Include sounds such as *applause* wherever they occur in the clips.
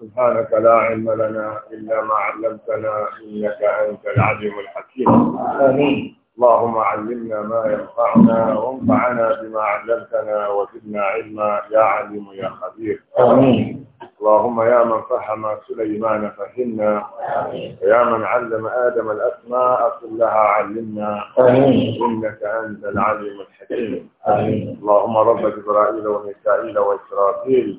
سبحانك لا علم لنا إلا ما علمتنا إنك أنت العليم الحكيم آمين اللهم علمنا ما ينفعنا وانفعنا بما علمتنا وزدنا علما يا عليم يا خبير آمين اللهم يا من فهم سليمان فهمنا ويا من علم آدم الأسماء كلها علمنا آمين. إنك أنت العليم الحكيم اللهم رب جبرائيل وميكائيل وإسرافيل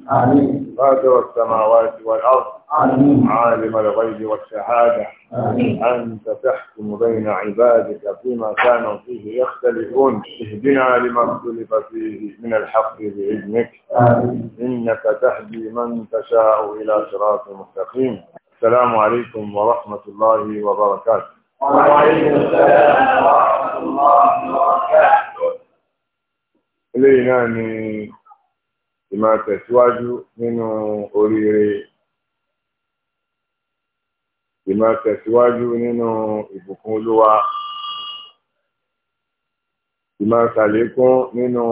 فاتر السماوات والأرض آمين. عالم الغيب والشهادة أنت تحكم بين عبادك فيما كانوا فيه يختلفون اهدنا لما اختلف فيه من الحق بإذنك إنك تهدي من تشاء إلى صراط مستقيم السلام عليكم ورحمة الله وبركاته وعليكم السلام ورحمة الله وبركاته لينا ni ìmá tẹ̀síwájú nínú oríire ìmọ̀ tẹ̀síwájú nínú ìbùkún olúwa ìmọ̀ ṣàlékún nínú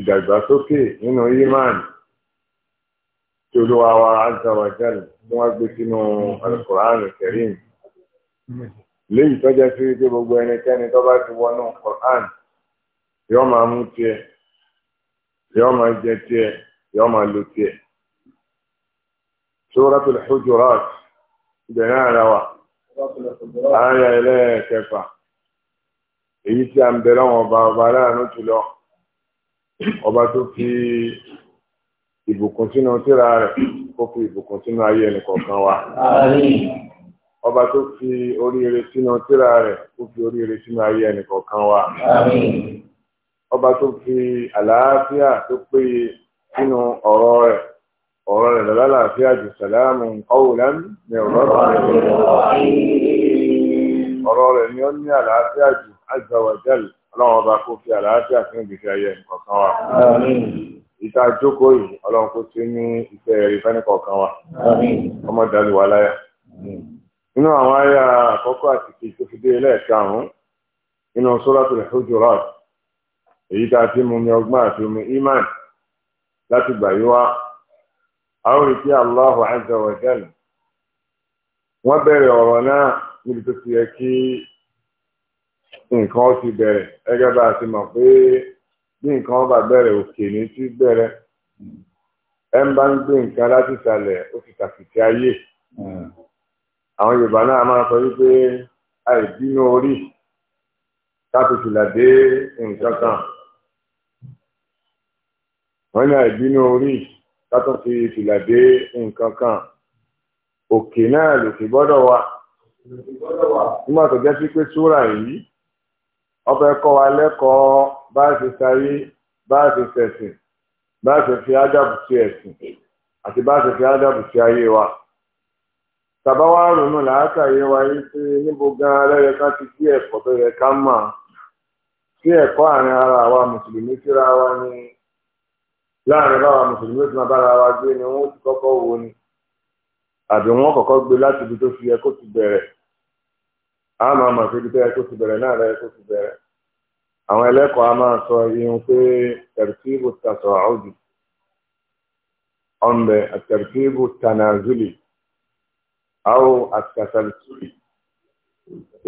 ìdàgbàsókè nínú iman tí olúwa wa azza wa jalla tí wọ́n gbé sínú alukur'an karim léyìí tọ́jà sí pé gbogbo ẹnikẹ́ni tó bá ti wọnú quran yóò máa mú tiẹ̀ yóò máa jẹ tiẹ̀ yóò máa lo tiẹ̀. Suratul Hujurat bẹ̀rẹ̀ ara wa ààrẹ ẹlẹ́ẹ̀kẹfà èyí tí a ń bẹ̀rẹ̀ àwọn ọba ọba aláàánú jùlọ ọba tó fi ìbùkún sínú tíra rẹ̀ kó fi ìbùkún sínú ayé ẹnìkọ̀ọ̀kan wa ọba tó fi oríire sínú rẹ̀ kó fi oríire ayé wa ọba tó fi àlàáfíà tó péye sínú ọ̀rọ̀ rẹ̀. ọ̀rọ̀ rẹ̀ lálàáfíà jù sàlámù qawlan min rabbir rahim ọ̀rọ̀ rẹ̀ ni ó ní àlàáfíà jù azza wa jalla ọlọ́run ọba kó fi àlàáfíà fún ìgbésí ayé nǹkan wa ìta jókòó yìí ọlọ́run kó ti ní ìfẹ́ ìfẹ́ nìkọ̀ọ̀kan wa ọmọ dàlú wa láyà nínú àwọn àyà àkọ́kọ́ àti kejì tó fi dé ẹlẹ́ẹ̀karùn-ún nínú suratul hujurat èyí tá a ti mú mi ọgbọ́n àti omi iman láti gbà yí wá a ó rí pé Allahu azza wa jalla wọ́n bẹ̀rẹ̀ ọ̀rọ̀ náà níbi tó ti yẹ kí nǹkan ó ti bẹ̀rẹ̀ ẹgẹ́ bá a ti mọ̀ pé bí nǹkan bá bẹ̀rẹ̀ òkè ní ti bẹ̀rẹ̀ ẹ ń bá ń gbé nǹkan láti ìsàlẹ̀ ó ti tàkìtì ayé àwọn Yorùbá náà máa sọ wípé àìbínú orí káfífìlà dé nǹkan kan wọ́n ní àìbínú orí kátó fi fìlà dé nǹkan kan òkè náà lòkè gbọ́dọ̀ wà nígbà tó jẹ́ sí pé súrà yìí ọbẹ̀ kọ́ wa lẹ́kọ̀ọ́ bá a ṣe sayé bá a ṣe ṣẹ̀sìn bá a ṣe fi ádàbù sí ẹ̀sìn àti bá a ṣe fi ádàbù sí ayé wa tàbá wa ronú làákàyè wa yìí pé níbo gan-an lẹ́yẹ ká ti kí ẹ̀kọ́ tó yẹ ká mọ̀ sí ẹ̀kọ́ àárín ara wa mùsùlùmí síra wa ni. láàrin báwa mùsùlùmí tí wọn bára wa gbé ni wọn ti kọ́kọ́ wo ni àbí wọn kọ́kọ́ gbé láti ibi tó fi yẹ kó ti bẹ̀rẹ̀ a máa mọ̀ pé ibi tó yẹ kó ti bẹ̀rẹ̀ náà rẹ kó ti bẹ̀rẹ̀ àwọn ẹlẹ́kọ̀ọ́ a máa sọ irun pé tẹ̀rìtìbù tasọ̀ àwùjù ọ̀nbẹ àtẹ̀rìtìbù tanazuli àwọ̀ àtàsàlùsùlì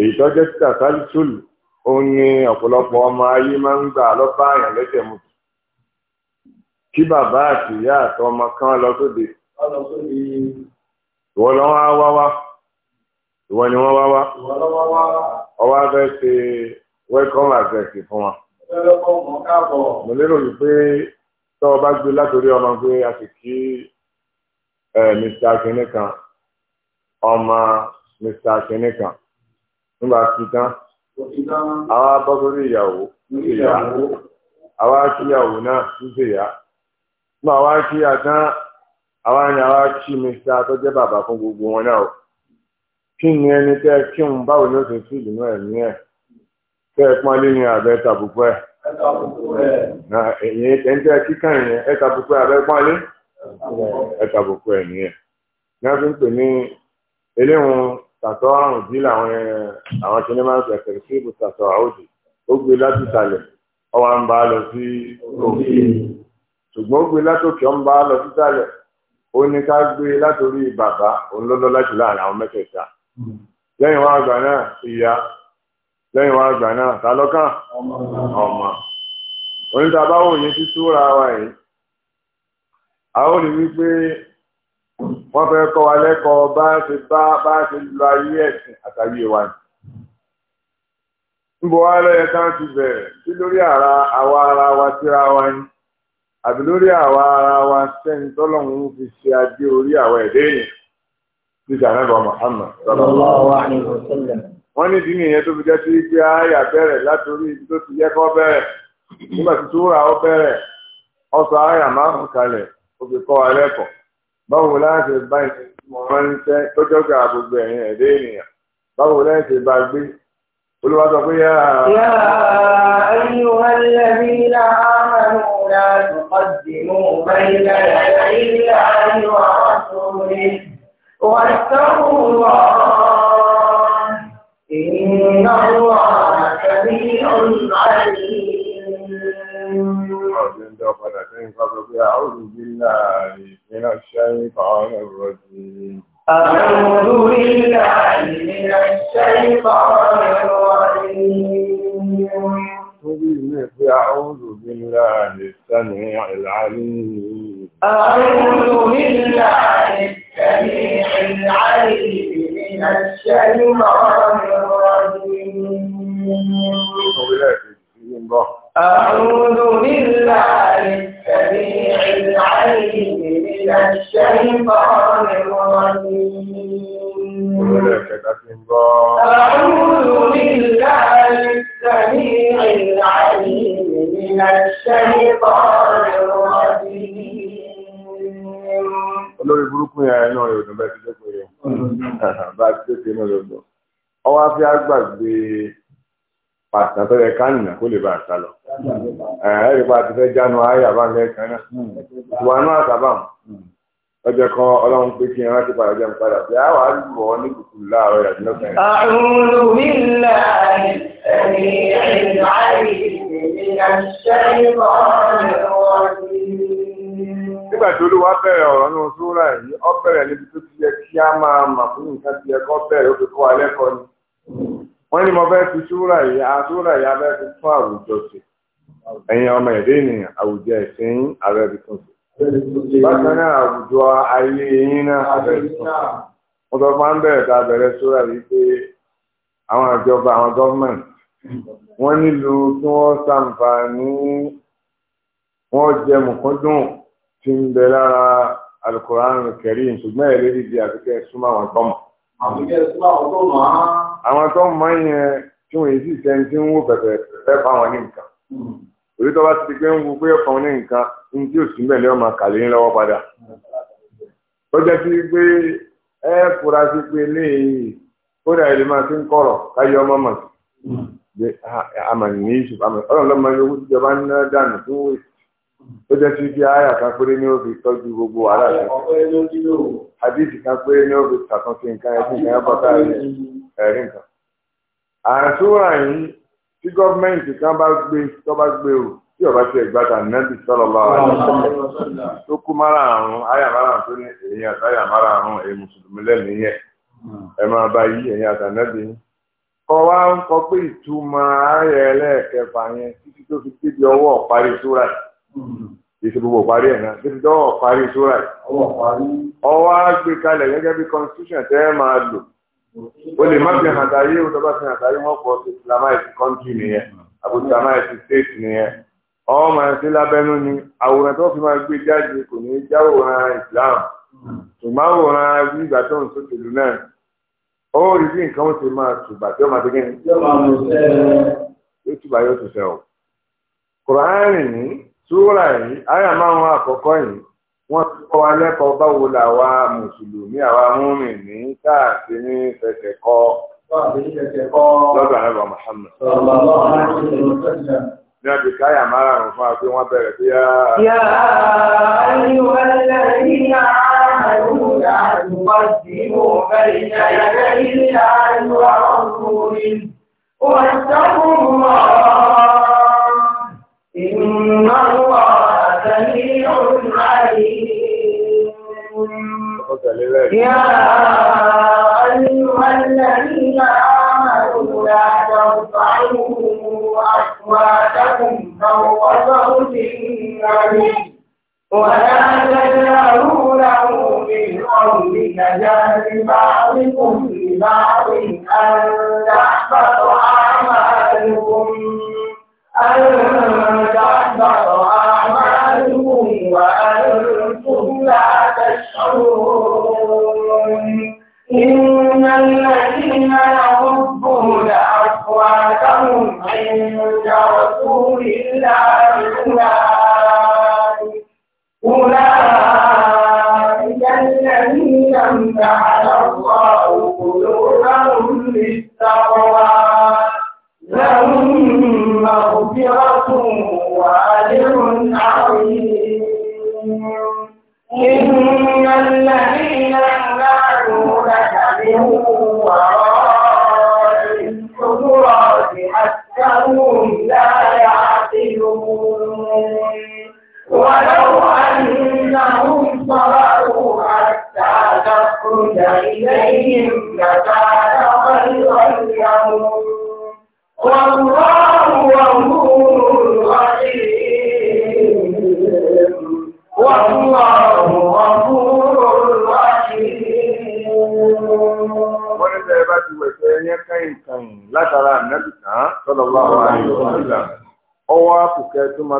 èyí tó jẹ́ tàsàlùsùlì ó ní ọ̀pọ̀lọpọ̀ ọmọ ayé máa ń gbà lọ́bàáyàn lẹ́sẹ̀ mùsù kí bàbá àti ìyá àti ọmọ kan lọ sóde ìwọ lọ wá wá wá ìwọ ni wọ́n wá wá ọwọ́ afẹ́ ṣe welcome address fún wa. mo lérò wípé tọ́ ọ bá gbé látòrí ọmọ pé a sì kí mr akínní kan ọmọ mr akínní kan nígbà tí tán àwa bọ́ sórí ìyàwó àwa kíyàwó náà ń ṣèyà gbọ́ àwa kí àtàn àwa ni àwa kí mr tó jẹ́ bàbá fún gbogbo wọn náà kí ni ẹni tẹ́ kí n báwo ni ó ti fi ìlú náà ní ẹ̀ tẹ́ ẹ pọ́n lé ní tàbùkù ẹ̀ ẹ̀yìn ẹ̀ kíkàn yẹn ẹ̀ tàbùkù ẹ̀ abẹ́ pọ́n lé ẹ̀ tàbùkù ẹ̀ ní ẹ̀ fi ń pè ní eléhùn tàtọ́ àrùn dí làwọn àwọn tí ń sọ ẹ̀kẹ́ sí ibùsàtọ̀ àwòdì ó gbé láti ìsàlẹ̀ ọwọ́ à ń bá a lọ sí òkè ṣùgbọ́n ó gbé látòkè ọ̀n bá lọ sísàlẹ̀ ó ní ká gbé e látòrí bàbá òun lọ́lọ́ láti láàrin àwọn mẹ́tẹ̀ẹ̀ta hmm. lẹ́yìn wá àgbà náà ìyá lẹ́yìn wá àgbà náà ta lọ́kàn ọmọ oníta bá wòye sí súra wa yìí a ó wípé wọ́n fẹ́ kọ́ wa lẹ́kọ̀ọ́ bá ṣe bá bá ṣe lo ayé ẹ̀sìn àtàyè wa ni ń bọ̀ wá lọ́yẹ ká ti bẹ̀rẹ̀ sí lórí àwa ara wa síra wa ni. àbí lórí àwa ara wa sẹ́ni tọ́lọ́hún fi ṣe adé orí àwa ẹ̀dẹ́ yìí ti sàrẹ́bà Muhammad sallallahu alaihi wọ́n ní ìdí nìyẹn tó fi jẹ́ sí pé àyà bẹ̀rẹ̀ látòrí ibi tó ti yẹ kó bẹ̀rẹ̀ nígbà tí túwúrà ó bẹ̀rẹ̀ ọ̀sọ̀ àyà márùn kalẹ̀ ó fi kọ́ wa lẹ́kọ̀ọ́ báwo láti bá ìṣẹ́ tí mo máa ń tẹ́ gbogbo ẹ̀yìn ẹ̀dẹ́ قل وضعيا يا أيها الذين آمنوا لا تقدموا بين يدعين الله ورسوله واتقوا الله إن الله كبير عليم أعوذ بالله من الشيطان الرجيم أعوذ بالله من الشيطان الرجيم أعوذ بالله السميع العليم أعوذ بالله السميع العليم من الشيطان الرجيم أعوذ بالله السميع العليم من الشيطان الرجيم أعوذ بالله السميع العليم من الشيطان الرجيم olórí burúkú yẹn náà yóò dùn bá ti dẹ́kun yẹn bá ti dẹ́kun yẹn náà yóò dùn ọwọ́ á fi á gbàgbé pàtàkì tó yẹ kánìyàn kó lè bá àṣà lọ. ẹ̀ẹ́dì pa àti fẹ́ jánu ayé àbáńlẹ̀ kan náà. ìwà náà sábà mú. ọjọ́ kan ọlọ́run pé kí n rántí padà jẹun padà bí a wà á lù ọ́ ní kùkù láàárọ̀ yàtí lọ́sẹ̀ àrùn mi là ẹ̀mí ẹ̀mí àìrí nígbà tí olúwa bẹ̀rẹ̀ ọ̀rọ̀ nínú súrà yìí ó bẹ̀rẹ̀ níbi tó ti yẹ kí á máa mà fún nǹkan ti yẹ wọ́n ní mo fẹ́ fi súrà yìí àsúrà yìí abẹ́ fi fún àwùjọ sí ẹ̀yin ọmọ ẹ̀dẹ́ ènìyàn àwùjọ ẹ̀sìn abẹ́ fi tún sí. bákan náà àwùjọ ayé yín náà abẹ́ fi tún sí. mo sọ fún ambẹ́rẹ́ tá a bẹ̀rẹ̀ súrà yìí pé àwọn àjọba àwọn gọ́ọ̀mẹ̀ntì wọ́n nílò kí wọ́n ṣàǹfààní wọ́n jẹ mọ̀kúndùn tí ń bẹ lára alukoran kẹrin ṣùgbọ́n ẹ̀rẹ́ dídí àfikẹ́ súnmọ́ àwọn gbọ́mọ̀. àfikẹ́ súnmọ́ àwọn gbọ́mọ̀ á àwọn tó mọ yẹn tí wọ́n yìí sì sẹ́ni tí ń wò pẹ̀pẹ̀ fẹ́ bá wọn ní nǹkan òbí tó bá ti di pé ń wo pé ọkàn ní nǹkan ní tí òsì mẹ́lẹ́ ọmọ kàlí ń lọ́wọ́ padà tó jẹ́ sí pé ẹ fura sí pé léyìí kódà èdè máa fi ń kọ̀rọ̀ káyọ ọmọ mọ̀ sí àmàlì ah, ní yusuf àmàlì ọlọ́run lọ́mọ owó tí ìjọba ń ná dànù fún wèé tó jẹ́ sí pé àyà kan péré ní òbí tọ́jú gbogbo wàhálà rẹ̀ hadith kan péré ní òbí ṣàtúnṣe nǹkan ẹ̀sìn kan ẹ̀ bọ́ta rẹ̀. ẹ̀rí nǹkan. àtúrà yìí tí gọ́ọ̀mẹ̀ntì kan bá gbé tó bá gbé o tí ọba ti ẹgbà tà nẹ́bí sallallahu alaihi wasallam tó kú mára àrùn àyà tó ní èyí àti àyà àrùn èyí mùsùlùmí lẹ́nu yẹn hmm. ẹ máa bá yí kọ wá ń kọ pé ìtumọ̀ yẹn títí tó fi débi ọwọ́ parí sóra yìí hmm. gbogbo parí ẹ̀ náà débi ọwọ́ parí sóra yìí ọwọ́ gẹ́gẹ́ bí constitution tẹ́ máa o lè má fi hàn sáyé o tọ́ba fi hàn sáyé wọ́n pọ̀ sí islamite country nìyẹn àbò state nìyẹn ọmọ àti lábẹnú ni àwòrán tó fi máa gbé jáde kò ní í jáwòrán islam ṣùgbọ́n àwòrán ìgbà tó ń sókè lù náà ó rí bí nǹkan ó ti máa tùbà tí ó máa ti yóò tùbà yóò wọ́n ti kọ́ wa lẹ́kọ̀ọ́ báwo làwa mùsùlùmí àwa múmi ní káàsì ní fẹsẹ̀ kọ́ lọ́dọ̀ àrẹ́bà Muhammad. ní àti káyà márùn-ún fún wa pé wọ́n bẹ̀rẹ̀ sí yá. yá ayò ẹlẹ́rìí yá àrùn àdùnkọ́ sí mo bẹ̀rẹ̀ yá ẹlẹ́rìí yá àrùn ọkùnrin. wọ́n sọ́kùn mọ́ ìmọ̀ wọ́n. سميع عليم يا أيها الذين آمنوا لا ترفعوا أصواتكم فوق صوت النبي ولا تجعلوا له بالقول كجهل بعضكم لبعض أن تحبط أعمالكم أن إلا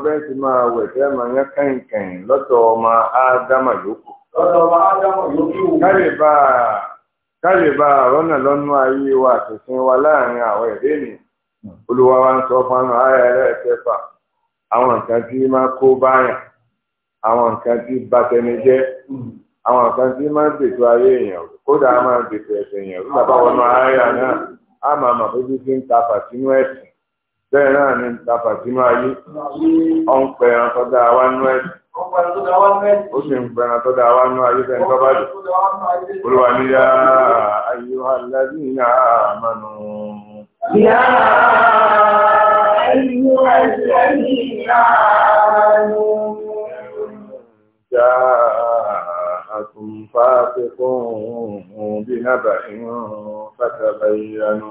bẹ́ẹ̀ ti máa wẹ̀ tẹ́ máa yán kẹ́hìnkẹ́hìn lọ́dọ̀ ọmọ ádámà yòókù. lọ́dọ̀ ọmọ ádámà yòókù. kálíbà kálíbà rọ́nà lọ́nú ayé wa àtẹ̀sìn wa láàrin àwọn ẹ̀dẹ́ ni olúwa wa ń sọ fún ara ẹlẹ́ẹ̀kẹfà àwọn nǹkan tí máa kó báyà àwọn nǹkan tí bàtẹni jẹ́ àwọn nǹkan tí máa ń dètò ayé èèyàn kódà máa ń dètò ẹ̀sẹ̀ èèyàn rú bàbá wọnú ara bẹ́ẹ̀ náà ni tàfà tí máa yí ọ ń pẹ ẹran tó dáa wá nú ẹ̀sìn ó sì ń pẹ ẹran tó dáa wá nú ayé fẹ́ni tó bá dé olúwa ní yá ayé wa lẹ́sìn ní àmàlù. yá ayé wa lẹ́sìn ní àmàlù. yá àtúnfàṣe fún un bí nábàá inú fàtàbàyànú.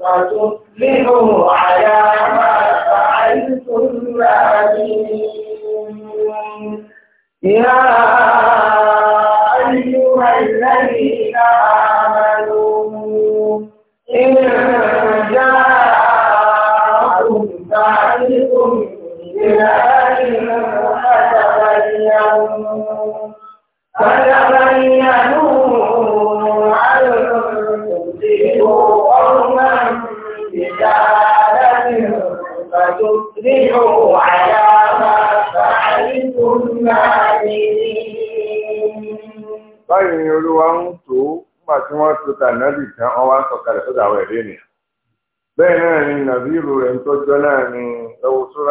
فتصبحوا على ما فعلتم نادمين يا أيها الذين آمنوا إن جاءكم فعلكم إلى تصبحوا على ما فعلتم نادمين. báyìí ni olúwa ń tó nígbà tí wọ́n tó ta nábì tán wọ́n wá ń sọ̀kalẹ̀ sọ́dọ̀ àwọn ẹ̀rí ènìyàn bẹ́ẹ̀ náà ni nàbírù rẹ̀ ń tọ́jọ́ náà ni lọ́wọ́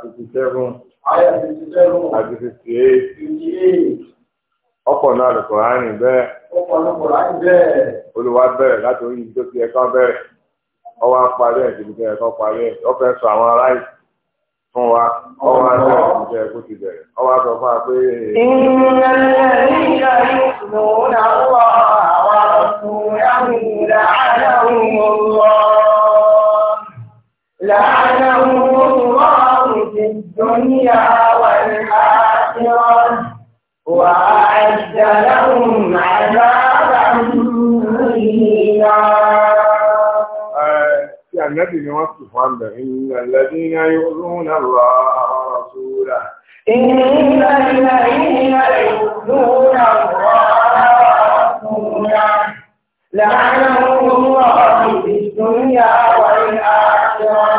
fifty seven fifty seven fifty eight. ọ̀pọ̀ náà lè Kùránì bẹ́ẹ̀. ọ̀pọ̀ náà Kùránì bẹ́ẹ̀. olùwà bẹ̀rẹ̀ láti orí tó fi ẹ̀kọ́ bẹ̀rẹ̀ ọwọ́ parí ẹ̀ síbi tó ẹ̀kọ́ parí ẹ̀ sọ àwọn ará yìí fún wa ọwọ́ ẹ̀kọ́ ti bẹ̀rẹ̀ ọwọ́ وأعد لهم عذابا مهينا آه، النبي نوصف عنه إن الذين يؤذون الله ورسوله إن الذين يؤذون الله ورسوله لعنهم الله في الدنيا والآخرة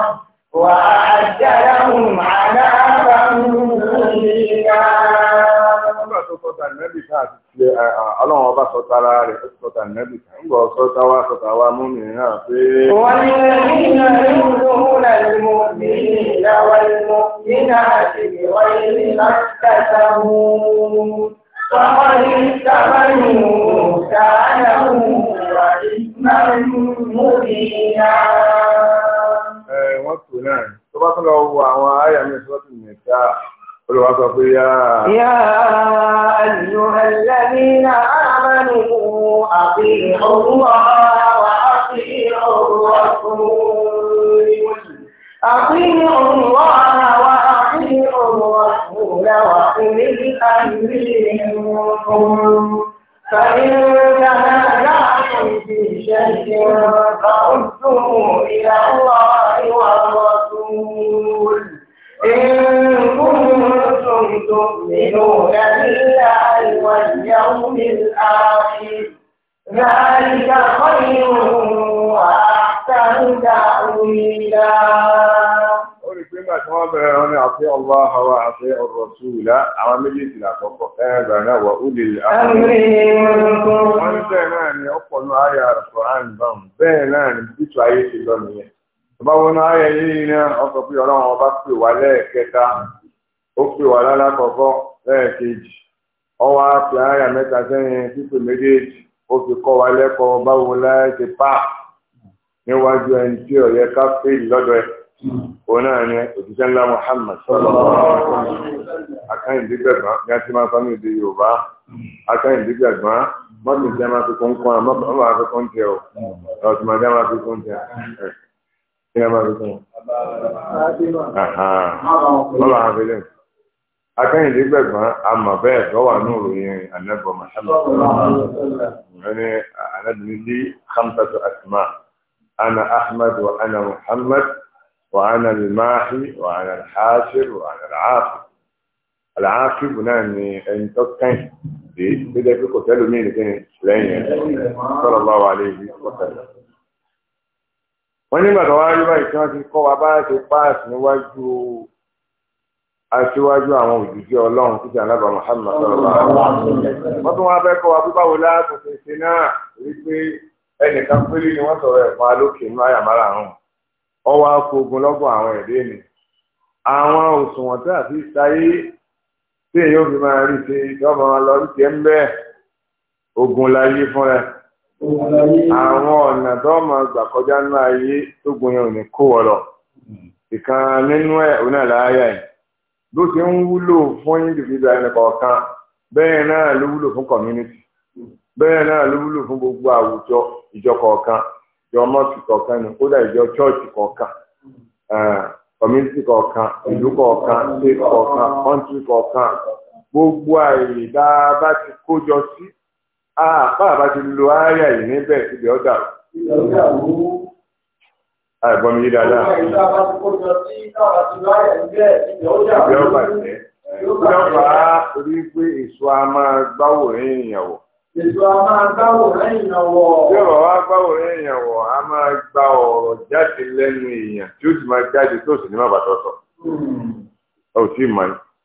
وأعد لهم عذابا tó sọ́ta nẹ́bì tá àti ṣe ọba sọ́ta ara rẹ̀ tó sọ́ta nẹ́bì tá sọtara bọ̀ mi náà pé. wọ́n ní nínú ìlúhùn àti mo ní ìyáwá ìmọ̀ nínú àti ìwáyé ní lákàtà mú. ní wà ìyá. ẹ náà tó bá tún lọ wo Olúwa sọ pé yá. Yá ayyuhallazina amanu ati'u Allaha wa ati'u ar-rasul. Ati'u Allaha wa ati'u ar-rasul wa ulil amri minkum. فإن تنازعتم في شيء فردوه إلى الله والرسول إن لتؤمنون بالله واليوم الآخر ذلك خير وأحسن تأويلا wọ́n bẹ̀rẹ̀ wọn ni àti ọlọ́ha wa àti ọ̀rọ̀ túùlá àwọn méjèèjì làkọ́kọ́ ẹ̀ẹ́dà náà wà ó lè àwọn bẹ́ẹ̀ náà ni ọ̀pọ̀lọ ayé ó pè wá lálákọ̀ọ́kọ́ lẹ́ẹ̀kejì ọwọ́ àpè àyà mẹ́ta sẹ́yìn pípè méjèèjì ó fi kọ́ wa lẹ́kọ̀ọ́ báwo láyé ti pa níwájú ẹni tí ọ̀yẹ́ ká pè lọ́dọ̀ ẹ̀ òun náà ni òṣìṣẹ́ ńlá Muhammad sọ̀rọ̀ akáyìndígbẹ̀gbọ́n ní a ti máa fámì èdè Yorùbá akáyìndígbẹ̀gbọ́n mọ́tò ìjẹ́ máa fi kún kún àmọ́ máa fi kún tẹ o ọ̀tún máa jẹ́ máa fi kún tẹ ẹ̀ kí máa fi kún. Mọ́tò àwọn afẹ́lẹ́ mi. akẹ́yìndé gbẹ̀gbọ́n àmọ̀ bẹ́ẹ̀ tó wà ní òròyìn anẹ́bọ̀ Muhammad ẹni anẹ́bìnrin lé hamsatu asma ana ahmad wa ana muhammad wa ana limahi wa ana alhasir wa ana alaafi alaafi bu náà ni ẹni tó kẹ́yìn dé tó jẹ́ pé kò tẹ́lu mí nìkan lẹ́yìn sọ̀rọ̀ bá wà léyìí kò tẹ́lu. wọ́n nígbà tó wá rí báyìí tí wọ́n ti kọ́ wa bá ṣe páàsì níwájú aṣíwájú àwọn òjijì ọlọ́run títí alábà Muhammad sọ̀rọ̀ wọ́n tún wá bẹ́ẹ̀ kọ́ wa bíbáwo láàbò fèsì náà wípé ẹnìkan péré ni wọ́n sọ̀rọ̀ ẹ̀fọn alókè nínú àyàmára àrùn ọwọ́ akogun lọ́gbọ̀n àwọn ẹ̀dẹ́ ni àwọn òṣùwọ̀n tí àfi sáyé tí èyí ò fi máa rí ṣe ìjọba wọn lọ ríṣẹ́ ń bẹ́ẹ̀ ogun láyé fún rẹ àwọn ọ̀nà tó máa gbà kọjá nínú ayé tó gun kó wọ lọ hmm. ìkan nínú ẹ̀ onílàáyà yìí bó ṣe ń wúlò fún individual ẹnì kọ̀ọ̀kan bẹ́ẹ̀ náà ló wúlò fún community bẹ́ẹ̀ náà ló wúlò fún gbogbo àwùjọ ìjọ kọ̀ọ̀kan ìjọ mọ́ọ̀sì kọ̀ọ̀kan ni kódà ìjọ chọ́ọ̀chì kọ̀ọ̀kan eh, community kọ̀ọ̀kan ìlú kọ̀ọ̀kan state kọ̀ọ̀kan country kọ̀ọ̀kan gbogbo àyè tá a bá ti kójọ sí àpá àbá ti lo àyà níbẹ̀ ibẹ̀ ọ̀dà àìgbọ́n mi dáadáa. Ìjọ bàjẹ́. Ìjọ bá rí pé èso a máa gbáwò rìn ìyàwó. Èso a máa gbáwò rìn ìyàwó. Bí ọ̀rọ̀ wá gbáwò rìn ìyàwó, a máa gba ọ̀rọ̀ jáde lẹ́nu èèyàn tí ó sì máa jáde tó sì ní má bàtọ̀ sọ. Ọ̀ tí ì máa ní.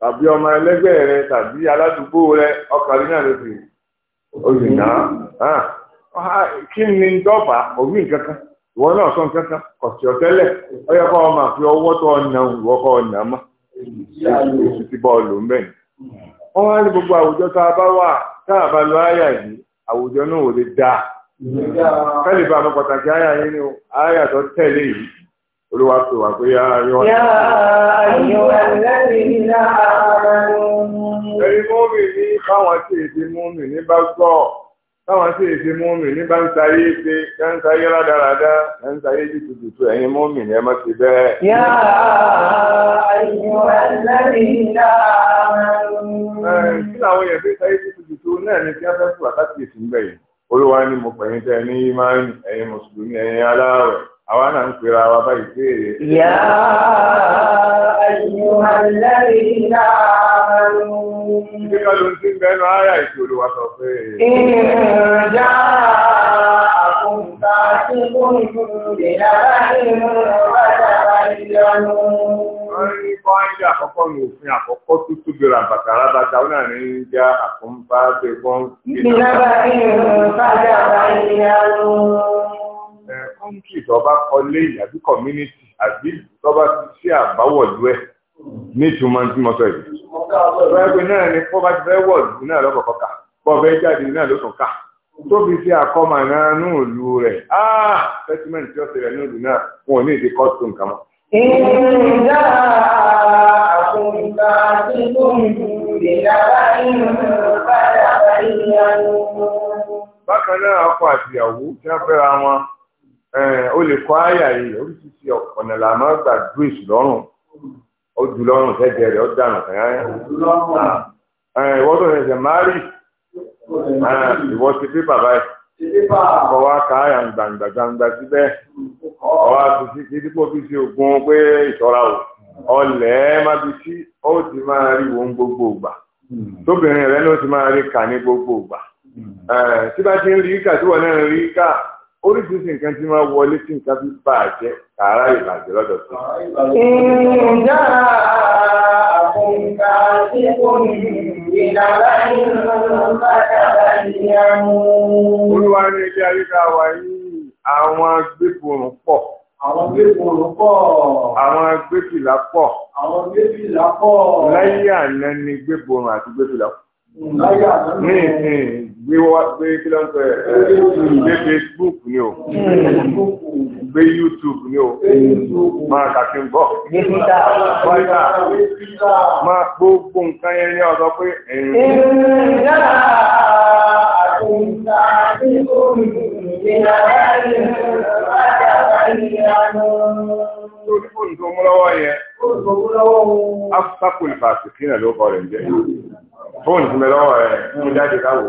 tàbí ọmọ ẹlẹgbẹ́ rẹ tàbí aládùúgbò rẹ ọkàlẹ́ náà ló fi oṣù náà kí ni dọ́fà òbí kankan ìwọ náà sọ kankan kan ọ̀tẹ́lẹ̀ ọyọ kọ́ ọmọ àfi ọwọ́ tó ọ̀nà ìwọ kọ́ ọ̀nà mọ́ bọ́ọ̀lù ń wọ́n gbogbo àwùjọ tá a bá wà tá a bá lọ yìí àwùjọ náà ò lè dáa. olúwa tó wà pé yá ayọ́ ẹni mọ́mì ní káwọn tí èdè mọ́mì ní bá gbọ́ káwọn tí èdè mọ́mì ní bá ń sayé pé ká ń sayé rádaràdá ká ń sayé jùtùjùtù ẹ̀yin mọ́mì ní ẹ má ti bẹ́ẹ̀. yá ayọ́ ẹlẹ́rìí náà. kí làwọn èèyàn fi sayé jùtùjùtù náà ni kí wọ́n fẹ́ fún wákàtí ìsìn bẹ́ẹ̀ olúwa ni mo pẹ̀yìn tẹ́ ní ìmáàmì ẹ̀yin mùsùlùmí ẹ̀yin aláwẹ̀ àwa náà ń pera wa báyìí pé èrè. Yá ayyuhalladhina amanu. Ṣé ká ló ń ti bẹ́nu ara ìṣòro wa sọ pé. Ìrìnàjà àkùnkà tí kò ní ìlà báyìí mú bàtà báyìí lọ́nu. Wọ́n ní pọ́ńdì àkọ́kọ́ ní òfin àkọ́kọ́ tó tóbi ra bàtà alábàtà ó náà ní í já àkùnkà tó kọ́. Ìlà báyìí mú bàtà báyìí kọ́ńtì tọ́ba kọ́lé àbí kọ́mínítì àbí tọ́ba ṣe àbáwọ̀lú ẹ̀ ní ìtumọ̀ tí mo sọ yìí. ìwádìí náà ni bọ́ba ti fẹ́ wọ̀lú náà lọ́kọ̀ọ̀kọ̀ kà bọ́ba ẹ jáde náà ló tún kà tó fi ṣe àkọ́mà náà ní rẹ̀ áà ah! sẹ́tímẹ̀ntì tí ó ṣe rẹ̀ ní ìlú náà wọn ò ní ìdí kọ́ọ̀tù nǹkan mọ́. ìjà àkùnkà tí kò ń ìjàmbá inú bàtà bákan náà ọkọ àtìyàwó tí fẹ́ra wọn Eh, o lè kọ́ àyà yìí oríṣiríṣi ọ̀nà là máa gbà dú èṣù lọ́rùn ó jù lọ́rùn tẹ́tẹ́ rẹ̀ ó dànù kẹ́yẹ́. Eh, ìwọ tó ṣẹ̀ṣẹ̀ máa rí eh, ìwọ ti pé bàbá yìí kọ́ wá ká àyà gbàǹgbà gbàǹgbà síbẹ̀ ọ̀wá ti sí kí dípò fi ṣe ògùn pé ìṣọ́ra o ọlẹ̀ má bi tí ó ti máa rí wọn gbogbo ìgbà tóbìnrin rẹ̀ ló ti máa rí kà ní gbogbo ìgbà tí bá ti ń rí kà tí wọ́n náà ń rí kà oríṣiríṣi nǹkan tí máa wọlé tí nǹkan fi bà á jẹ́ kàárà ìbàjẹ́ lọ́dọ̀ sí. ǹjẹ́ àkùnkà sí omi ìdàgbà nínú bàtàkà ìyàmú. olúwa ní ilé ayíká wa yìí àwọn agbébọ̀rùn pọ̀. àwọn agbébọ̀rùn pọ̀. àwọn agbébìlà pọ̀. àwọn agbébìlà pọ̀. láyé àná ni gbébọ̀rùn àti gbébìlà pọ̀. Hmm, hmm. Gbé wá gbé kí ló ń sọ ẹ̀ eh, gbé Facebook ni o, gbé YouTube ni o, máa kàkí ń bọ̀. Gbé Twitter. Twitter. Máa gbogbo nǹkan yẹn ní ọ̀sọ́ pé ẹ̀yìn. Ìrìnà àtúntà sí omi ìlera láàrin ìrìnàjò àti ìyanu. Tó ní kò ní tó mú lọ́wọ́ yẹn. Kò ní tó mú lọ́wọ́ wọn. After kò ní bàtì kí náà ló kọ rẹ̀ jẹ́ fóònù fún mi lọ́wọ́ rẹ̀ fún mi jáde káwò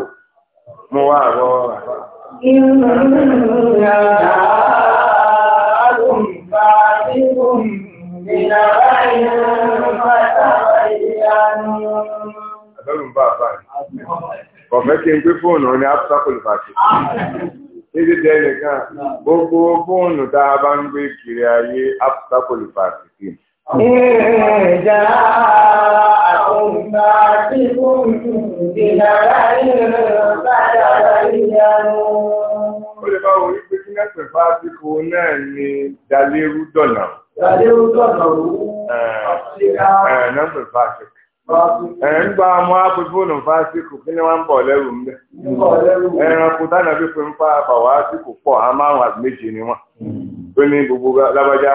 mo wá àwọ̀ àfà. Àbẹ́rù ń bá àfà ni. Kọ̀fẹ́ kí n gbé fóònù ní Áfíríkà Pàṣẹ. Níbi gbogbo fóònù tá a bá ń gbé kiri ayé Áfíríkà Pàṣẹ. Ìrìn ìjà. Ó lè bá wọn wípé kí nẹ́sẹ̀ bá bípo náà ni Dalérú dọ̀nà. Dalérú dọ̀nà rú. Ẹ̀ẹ̀ nẹ́sẹ̀ fásitì. Ẹ̀ẹ̀ ń gba ọmọ ápè fóònù fásitì kí ni wọ́n ń bọ̀ lẹ́rù mbẹ́. Ẹranko dáná bí pé ń fa àbàwọ̀ àsìkò pọ̀, a máa ń wà méje ni wọ́n. Tó hmm. ní gbogbo lábájá.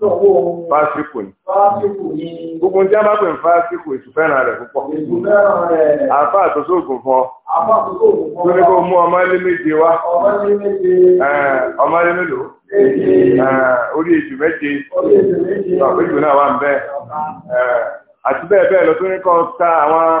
fásitì ni gbogbo tí a bá pè ní fásitì ìtùfẹ́ràn rẹ̀ púpọ̀ àfa àtòsóògùn fún ọ tó ní kó mú ọmọ ilé méje wá ọmọ ilé mélòó orí èjì méje ọ̀pẹ́jù náà wà ń bẹ́ẹ̀ àti bẹ́ẹ̀ bẹ́ẹ̀ lọ tó ní àwọn.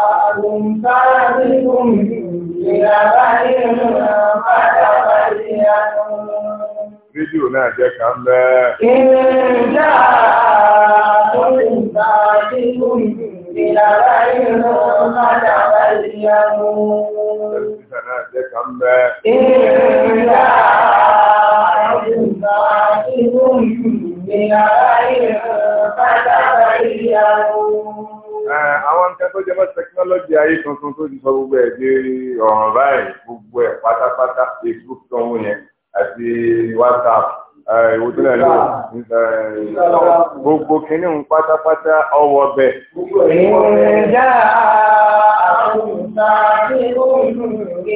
لكم سابق Rédíò náà jẹ́ kan bẹ́ẹ̀. Ìrìnjà tó lè gbà nínú ìlàrá ìlú padà báyìí mú. Rédíò náà jẹ́ kan bẹ́ẹ̀. Ìrìnjà tó lè gbà nínú ìlàrá ìlú padà báyìí mú àwọn nǹkan tó jẹ́ mọ́ tẹkinọ́lọ́jì ayé tuntun tó ti sọ gbogbo ẹ̀ di ọ̀ràn báyìí gbogbo ẹ̀ pátápátá Facebook tó ń wù yẹn àti WhatsApp. Eh, ìwò tó lẹ́nu eh, gbogbo kínní ń pátápátá ọwọ́ bẹ̀. ìjà àwọn ìta tí ó ń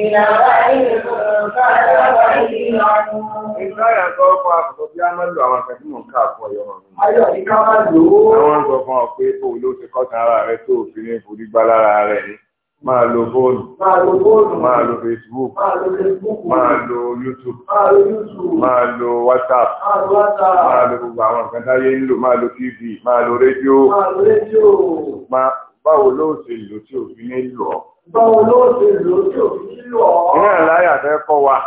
ìlànà ìlú kájọ́ wà ní ìlànà. Ìgbáyà sọ fún àkọ́kọ́ bí a máa lo àwọn akẹ́kọ̀ọ́ mọ̀ ká àpọ̀ ọ̀yọ́ wọn. Ayọ̀ ìká máa lò ó. Àwọn ń sọ fún ọ pé òun ló ti kọ́ tan ara rẹ̀ tó òfin ní ìforígbá lára rẹ̀ ni. Máa lo fóònù. Máa lo fóònù. Máa lo Facebook. Máa lo Facebook. Máa lo YouTube. Máa lo YouTube. Máa lo WhatsApp. Máa lo WhatsApp. Máa lo gbogbo àwọn nǹkan táyé ń lò. Máa lo TV. Máa lo rédíò. Máa lo rédíò. Máa báwo ló ṣe lò tí òfin ní lò ọ́. Báwo ló ṣe lò tí òfin ní lò ọ́. Iná ìláyà fẹ́ kọ́ wa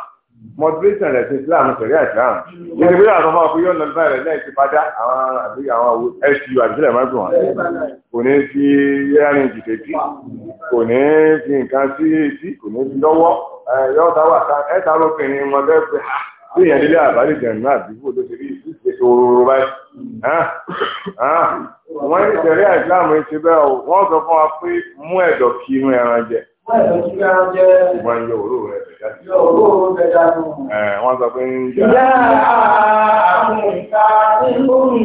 moderation rẹ̀ ti islam sẹ̀rí islam yìí bí àwọn ọmọ ọkùnrin yóò lọ bá rẹ̀ lẹ́yìn ti padà àwọn àbí àwọn su àbísílẹ̀ máa ń gbọ̀n kò ní fi yẹ́rìn jìtẹ̀ tí kò ní fi nǹkan sí etí kò ní fi lọ́wọ́ yóò táwà ẹ̀ta lóbìnrin wọn bẹ́ẹ̀ pé ah, bí èèyàn nílé àbálẹ̀ jẹ̀rù náà àbí fòdó ti rí ìṣèṣe òróró báyìí wọ́n ní sẹ̀rí islam ti bẹ́ẹ̀ wọ́n sọ fún wa pé mú ẹ̀dọ̀ kí inú ẹran jẹ Wọ́n yọ òró rẹ̀ jáde. Wọ́n sọ pé ń jà. Ìyá àwọn ìta ní orí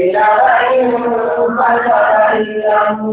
ìyára ìrìn bá yára ìyá mú.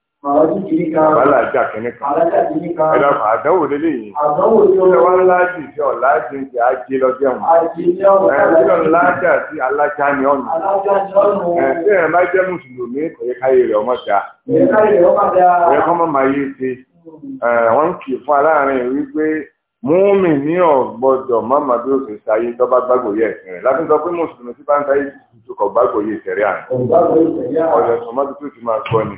Wàhálà ajá kìíní kan. Ẹ̀dá kan àdánwò lélẹ́yìn. Ṣé wọ́n láàjì sí ọ̀làjì ń jẹ́ ajé lọ́jọ́ ọ̀hún? Ẹ̀jẹ̀ lọ láàjà sí alájà ní ọ̀nà. Ṣé ẹ̀ máa jẹ́ Mùsùlùmí kò yẹ káyé rẹ̀ ọmọ dáa? Ẹ kọ́ mọ́ máa yé ṣe. Wọ́n ń kì í fún aláàárín wípé múmi ní ọ̀gbọ́dọ̀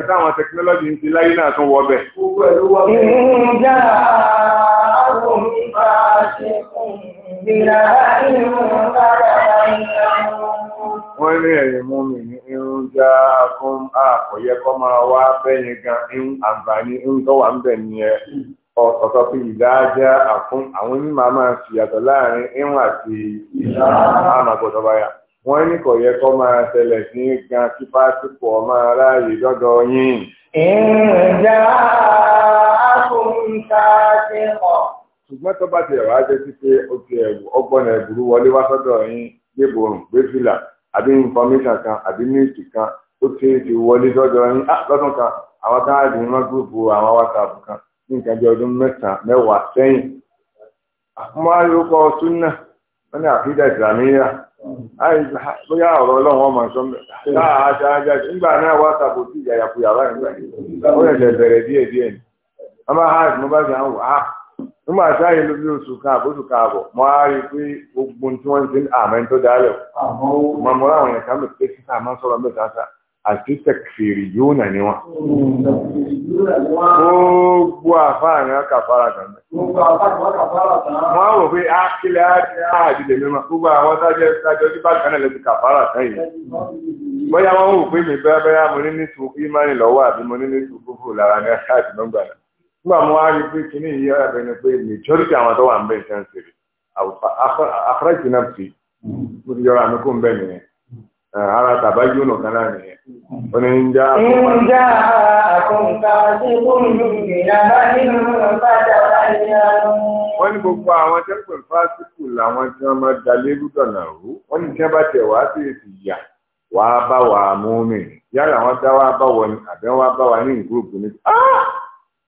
nǹkan táwọn tẹkinọ́lọ́jì ń ti láyé náà tún wọ́ bẹ̀. ìjà àwọn ìbá ṣe fún ìlà ìrúnká wọ́n ní ẹ̀yìn mú mi ní irun já fún kọ́ máa wá bẹ́yìn gan ń ń ń bẹ̀ ọ̀sọ̀ fi ìdájá àfún àwọn onímọ̀ máa fi yàtọ̀ láàrin àti ìlànà àmàgbọ̀dọ̀ báyà. wọ́n ní kò yẹ kó máa ṣẹlẹ̀ sí gan kí pásítọ̀ ọmọ aráàlú dọ́dọ̀ yín. ìjà àkùnkà ti hàn. ṣùgbọ́n tó bá ti ẹ̀wà á jẹ́ títí oṣù ẹ̀wù ọgbọ́n ẹ̀bùrú wọlé wá sọ́dọ̀ yín gbébòrùn gbéfìlà àbí information kan àbí news kan ó ti ti wọlé sọ́dọ̀ yín ah, lọ́dún kan àwọn káàdì ní wọ́n gúrùpù àwọn whatsapp kan ní nǹkan bí ọdún mẹ́sàn-án mẹ́wàá sẹ́yìn. àmọ́ ah, àyọkọ̀ súnà wọ́n ní àfídà ìsìlámíyà bóyá ọ̀rọ̀ ọlọ́run ọmọ sọ láà ajá ajá nígbà náà wá sàbò sí ìyàyàkuyà báyìí nígbà ó yẹ̀ bẹ̀rẹ̀ díẹ̀ díẹ̀ ni a ha ìmọ̀ bá ti hàn wá ah. nígbà tí àyè ló oṣù kan àbóṣù kan mo á rí i pé ogun tí wọ́n ti ń dálẹ̀ ẹ̀ka mi pé máa ń sọ̀rọ̀ mẹ́ta sáà àti tẹ̀kìfèrè yóò nà níwọ̀n. Gbogbo àfáà ni wọ́n kàfàrà tán. Wọ́n á wò pé ah, á kílẹ̀ á àdìdè mímọ́. Gbogbo àwọn tájọ́ tájọ́ tí bá kánà lè fi kàfàrà tán yìí. Bóyá wọ́n wò pé mi bẹ́ẹ̀ bẹ́ẹ̀ mo ní nítorí ìmánì lọ́wọ́ àbí mo ní nítorí gbogbo lára ní àkáàtì nọ́mbà náà. Nígbà mo wá rí pé kíní yìí yára bẹni pé majority àwọn tó wà ń bẹ̀ ń sẹ́ńsì rẹ̀. Àfúrájì náà fi, mo ti yọra mi kó ń bẹ̀ nìyẹn. Eh, ara tàbá yóò nà kan náà nìyẹn. Hmm. ó ní ń já àkóńká. ń já àkóńká sí kúndùn ìyàbá nínú bàtà wáyà. wọ́n ní gbogbo àwọn tẹ́kùn fásitì làwọn tí wọ́n máa dalé lùdọ̀nà rú wọ́n ní tí wọ́n bá tẹ̀ wá sí èsì yà wá bá wà mú mi yálà wọ́n dá wá bá wọ ni àbẹ́ bá wà ní ìgbòkùn ní. Ah!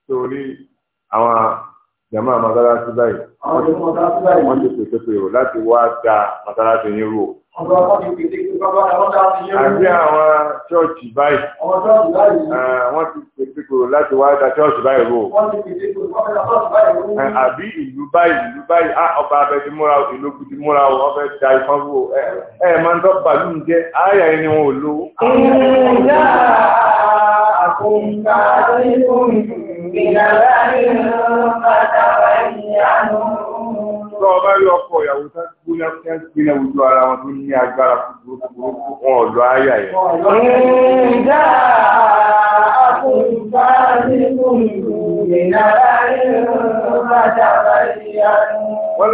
torí àwọn jama madarasi báyìí wọ́n ti pèsè pèrò láti wá da madarasi yín rò. àti àwọn ṣọ́ọ̀ṣì báyìí wọ́n ti pèsè pèrò láti wá da ṣọ́ọ̀ṣì báyìí rò. àbí ìlú báyìí ìlú báyìí á ọba abẹ ti múra o ìlú kù ti múra o ọbẹ da ìfọn rò ẹ ẹ máa ń tọ́ bàálù ń jẹ àyà ẹni wọn ò lo. ìyá àkóńtà ló ń bọ̀. Ọba rí ọkọ̀ ìyàwó tá gbóná fẹ́ gbéná ojú ara wọn tó ní agbára burúkú burúkú wọn ọ̀dọ́ ayà ẹ̀. Ìjà àkùnfà nínú ìlú ìnára nínú bàtà bàtì àánú. wa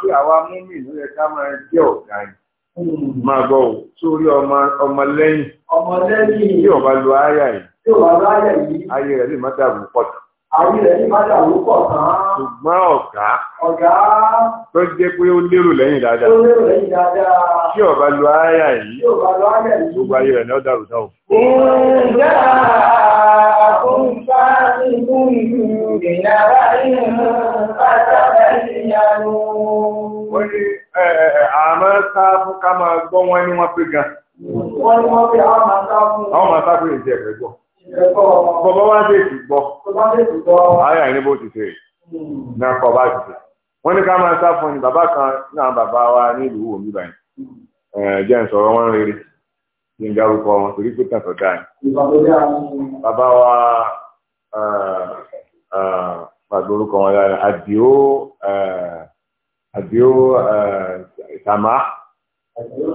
pé àwa mú mi ìlú yẹ ká máa jẹ́ ọ̀gá yìí. Hmm. Máa gbọ́ sórí ọmọ lẹ́yìn. Tí ọba lu ayà yìí tí ò bá ráyè yìí. ayé rẹ̀ lè má dàrú pọ̀ tán. ayé rẹ̀ lè má dàrú pọ̀ tán. ṣùgbọ́n ọ̀gá. ọ̀gá. tó jẹ́ pé ó lérò lẹ́yìn dáadáa. ó lérò lẹ́yìn dáadáa. tí ò bá lo ayé yìí. tí ò bá lo ayé yìí. gbogbo ayé rẹ̀ ni ó dàrú náà. ǹjẹ́ àkóńpá ikú ìgbìyàrá yìí ń bàtà ẹ̀yìnyàrú. wọ́n ní àmọ́ sá fún ká máa gbọ́ wọn ní wọ́n pé gan. wọ́n ní wọ́n pé àwọn máa fún. àwọn máa fún ìjẹ́ ẹ̀gbẹ́ gbọ́ bọ́bọ́ wá dé ìgbọ́ ayé àìní bó ti ṣe hmm. náà kọ́ bá ti ṣe wọ́n ní ká máa sá fún ni bàbá kan náà bàbá wa ní ìlú wò mí báyìí hmm. jẹ́ ń sọ̀rọ̀ wọn rere kí n dárúkọ wọn torí pé tàn sọ̀dá ni bàbá wa pàdé orúkọ wọn lára àdìó àdìó ìsàmá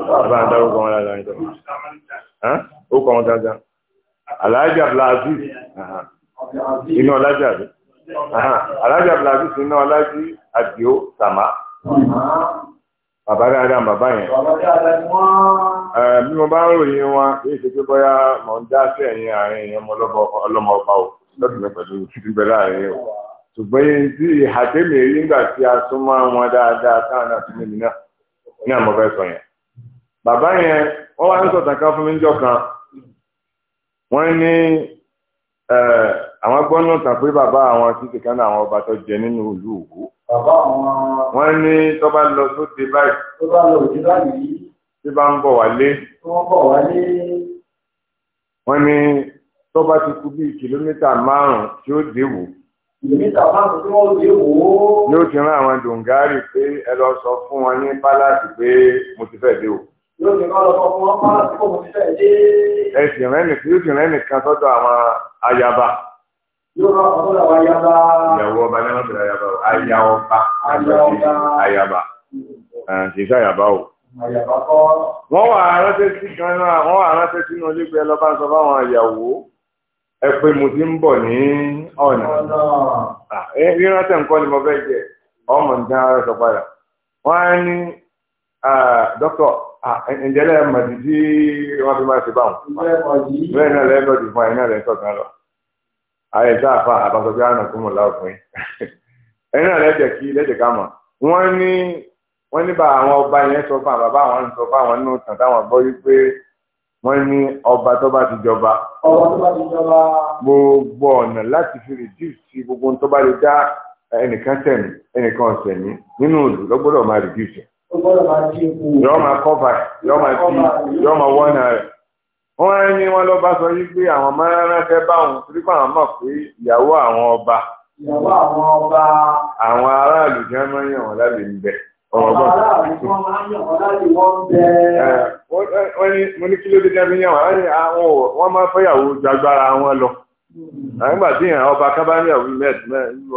bàbá ń dárúkọ wọn lára ìjọba ó kọ wọn dáadáa aláàjì abdulaziz iná ọlájà rẹ aláàjì abdulaziz iná ọlájì àdìó sàmá bàbá dáadáa bàbá yẹn bí mo bá ń ròyìn wọn èyí ṣe pé bóyá mọ̀ ń dá sí ẹ̀yìn àárín ẹ̀yìn ọlọ́mọ ọba o lọ́dún mi pẹ̀lú ìbẹ̀ láàrin o ṣùgbọ́n yìí tí ìhàtẹ́mì èyí ń gbà tí a sún mọ́ wọn dáadáa táwọn náà tún níbi náà ní àmọ́ fẹ́ sọ yẹn bàbá yẹn wọ́n wá ń sọ̀tàn kan fún mi níjọ́ kan wọ́n ní àwọn gbọ́nà tàn pé bàbá àwọn títí kan náà àwọn ọba tó jẹ nínú ìlú òwú. bàbá àwọn. wọ́n ní tó bá lọ sóde báyìí. tó bá lọ òde báyìí. tí bá ń bọ̀ wálé. tó ń bọ̀ wálé. wọ́n ní tó bá ti kú bíi kìlómítà márùn-ún tí ó dé wò. kìlómítà márùn-ún tí wọ́n dé wò. yóò ti rán àwọn dòǹgárì pé ẹ lọ sọ fún wọn ní pálásì pé mo ti fẹ́ dé wò ẹsìn rẹ yóò sìn rẹ sọ́dọ̀ àwọn ayaba. ìyàwó ọba ní wọn bẹ̀rẹ̀ ayaba o aya ọba ayaba kì í o. wọ́n wà aránṣẹ́ sí kan náà wọ́n wà aránṣẹ́ sínú olígbé ẹlọ́ba ń sọ fáwọn ìyàwó ẹ pé mo ti ń bọ̀ ní ọ̀nà ríránṣẹ́ nǹkan ni mo fẹ́ jẹ ọmọ nǹkan ara sọ padà wọ́n á ní dókítà ǹjẹ́lẹ̀ màdì tí wọ́n fi máa ṣe báwọn. bẹ́ẹ̀ náà lẹ́ẹ̀kọ́ ti fún ẹ̀ náà lẹ́ẹ̀kọ́ kan lọ. ààrẹ tá a fa àbáṣọ bí àánà tó mọ̀ láwùjọ yín. *laughs* ẹ̀yin náà lẹ́jẹ̀ kí lẹ́jẹ̀ ká mọ̀. wọ́n ní wọ́n ní bá àwọn ọba yẹn sọ fún àbàbá àwọn ń sọ fún àwọn nínú tàn táwọn gbọ́ wípé wọ́n ní ọba tó bá ti jọba. ọba tó bá ti jọba. gbogbo ọ̀nà láti fi rìdíùsì gbogbo tó bá lè dá ẹnìkan tẹ̀mí ẹnìkan ọ̀sẹ̀ ní yọ́ máa kọ́fà yọ́ máa fi yọ́ máa wọ́nà rẹ̀ wọ́n á ní wọ́n lọ bá sọ yí pé àwọn mẹ́rẹ́rẹ́ fẹ́ bá òun torí pé àwọn mọ̀ pé ìyàwó àwọn ọba ìyàwó àwọn ọba àwọn aráàlú jẹ́ máa ń yàn wọ́n lábẹ́ ń bẹ ọ̀rọ̀gbọ́n wọ́n ní mo ní kí ló dé jábí yàn wọ́n máa fẹ́yàwó ju agbára wọn lọ àgbà tí ìhàn ọba kan bá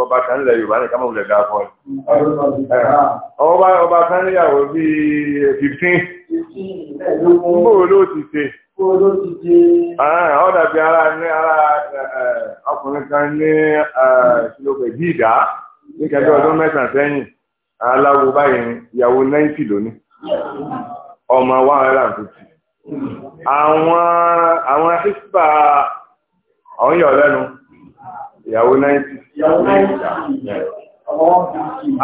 ọba kan nílẹ̀ yorùbá ní kámọ̀ lẹ̀dá fọ́ ẹ̀ ọba ọba kan níyàwó bí fifteen bó ló ti ṣe ọ̀dà ah, bí ara ní ara eh, ọkùnrin kan ní ṣílọ́pẹ̀ eh, bí ìdá ní kẹjọ ọdún mẹ́sàn sẹ́yìn aláwo báyìí ìyàwó náìtì lónìí ọmọ one hundred and fifty àwọn àwọn hisba ọ̀hún yọ̀ lẹ́nu ìyàwó 90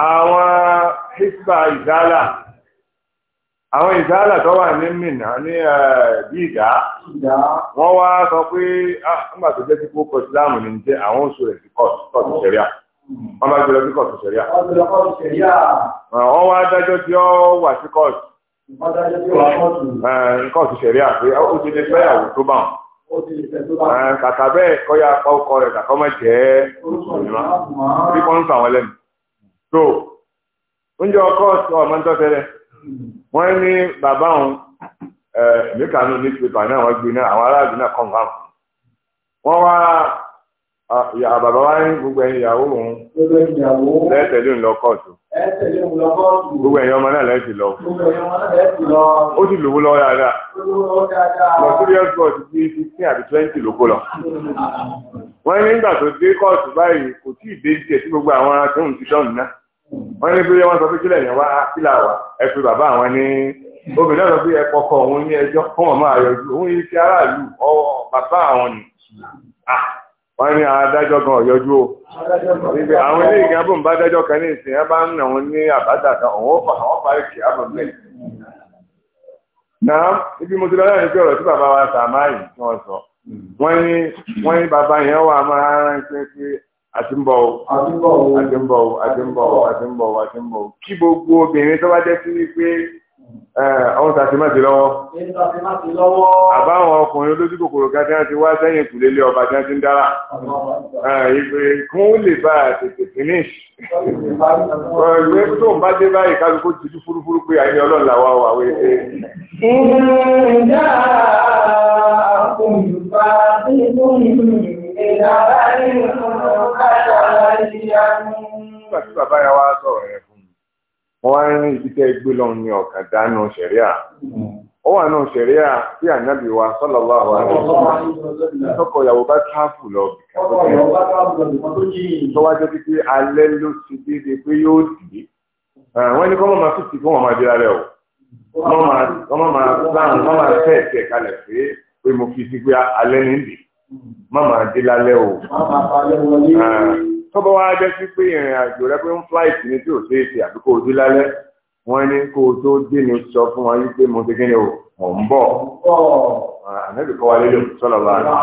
àwọn hisba ìzálà àwọn ìzálà tó wà ní mìnà ní bíìdá wọ́n wá sọ pé ah, nígbà tó jẹ́ tí kó kọ̀ ìsìláàmù ní jẹ́ àwọn oṣù rẹ̀ sí kọ̀ọ̀tù sẹ̀ríà wọ́n bá gbé lọ sí kọ̀ọ̀tù sẹ̀ríà wọ́n wá dájọ́ tí ó wà sí kọ̀ọ̀tù sẹ̀ríà pé ó ti lè fẹ́yàwó tó bá wọn kàkà bẹ́ẹ̀ kọ́yà apá ọkọ rẹ̀ kàkọ́ má jẹ́ bí wọ́n ń sàwọn lẹ́nu. tó oúnjẹ ọkọ ọmọ ń tọ́tẹ́lẹ̀ wọ́n ní bàbá òun ẹ̀ẹ́dẹ́kànú ní pépà náà wọ́n gbé náà àwọn aráàlú náà kọ̀ wọ́n wá ìyá bàbá wa ní gbogbo ẹ̀yin ìyàwó òun lẹ́tẹ̀lé ń lọ kóòtù gbogbo ẹ̀yin ọmọ náà lẹ́sìn lọ ó sì lówó lọ́wọ́ dáadáa lọ serious court bí fifteen àti twenty ló kó lọ. wọ́n ní nígbà tó dé kóòtù báyìí kò tí ì dé tiẹ̀ tí gbogbo àwọn ará tó ń ti dọ́ọ̀nù náà wọ́n ní pé wọ́n sọ pé kílẹ̀ yẹn wá kílà wá ẹ pé bàbá àwọn ní obìnrin náà sọ pé ẹ kọkọ òun ní ẹjọ́ fún ọmọ àyọ̀jú òun yìí ti aráàlú bàbá àwọn nì wọ́n ní adájọ́ kan ọ̀yọ́jú o àwọn ilé ìgbà bò ń bá dájọ́ kan ní ìsìn ẹ bá ń nà wọn ní kan fà parí kì náà ibi mo ti lọ láti ọ̀rọ̀ bàbá wa sàmáì tí wọ́n sọ wọ́n ní wọ́n ní bàbá yẹn wà máa rán pé pé o gbogbo obìnrin tó bá wípé ọ̀hún tàbí má ti lọ́wọ́ àbáwọn ọkùnrin olójú kòkòrò kan tí wọ́n ti wá sẹ́yìn kù lélẹ̀ ọba tí wọ́n ti ń dára ìpè kún lè bá tètè finish ọ̀gbẹ́ tó ń bá dé báyìí kálukú ti dú fúrúfúrú pé àyè ọlọ́run làwa wà wé pé. ǹjẹ́ àkùnfà nínú ìlànà ìlú kájà láyé yá ní. nígbà tí bàbá yà wá sọ̀rọ̀ yẹn fún wọ́n wá ní ibi gbé lọ ní ọ̀kan dánú ṣẹ̀ríà ó wà náà ṣẹ̀ríà sí ànábì wa sọ́lọ́lá wa rẹ̀ tọkọ ìyàwó bá káàfù lọ tó wá déédéé pé yóò dì í wọ́n ní kọ́ máa fìtì fún ọmọ adé lálẹ́ o wọ́n máa wọ́n máa tẹ̀ ẹ̀kẹ́ kalẹ̀ mo fi si pé alẹ́ ní o. tọ́bọ̀ wá jẹ́ sí pé ìrìn àjò rẹ pé ń flight ni tí ò ṣe é ṣe àbí kó o dé lálẹ́ wọ́n ní kó o tó dé ni sọ fún wọn wípé mo ti kíni o mò ń bọ̀. ànábì kọ́ wa lélẹ̀ sọ́lọ̀ bá a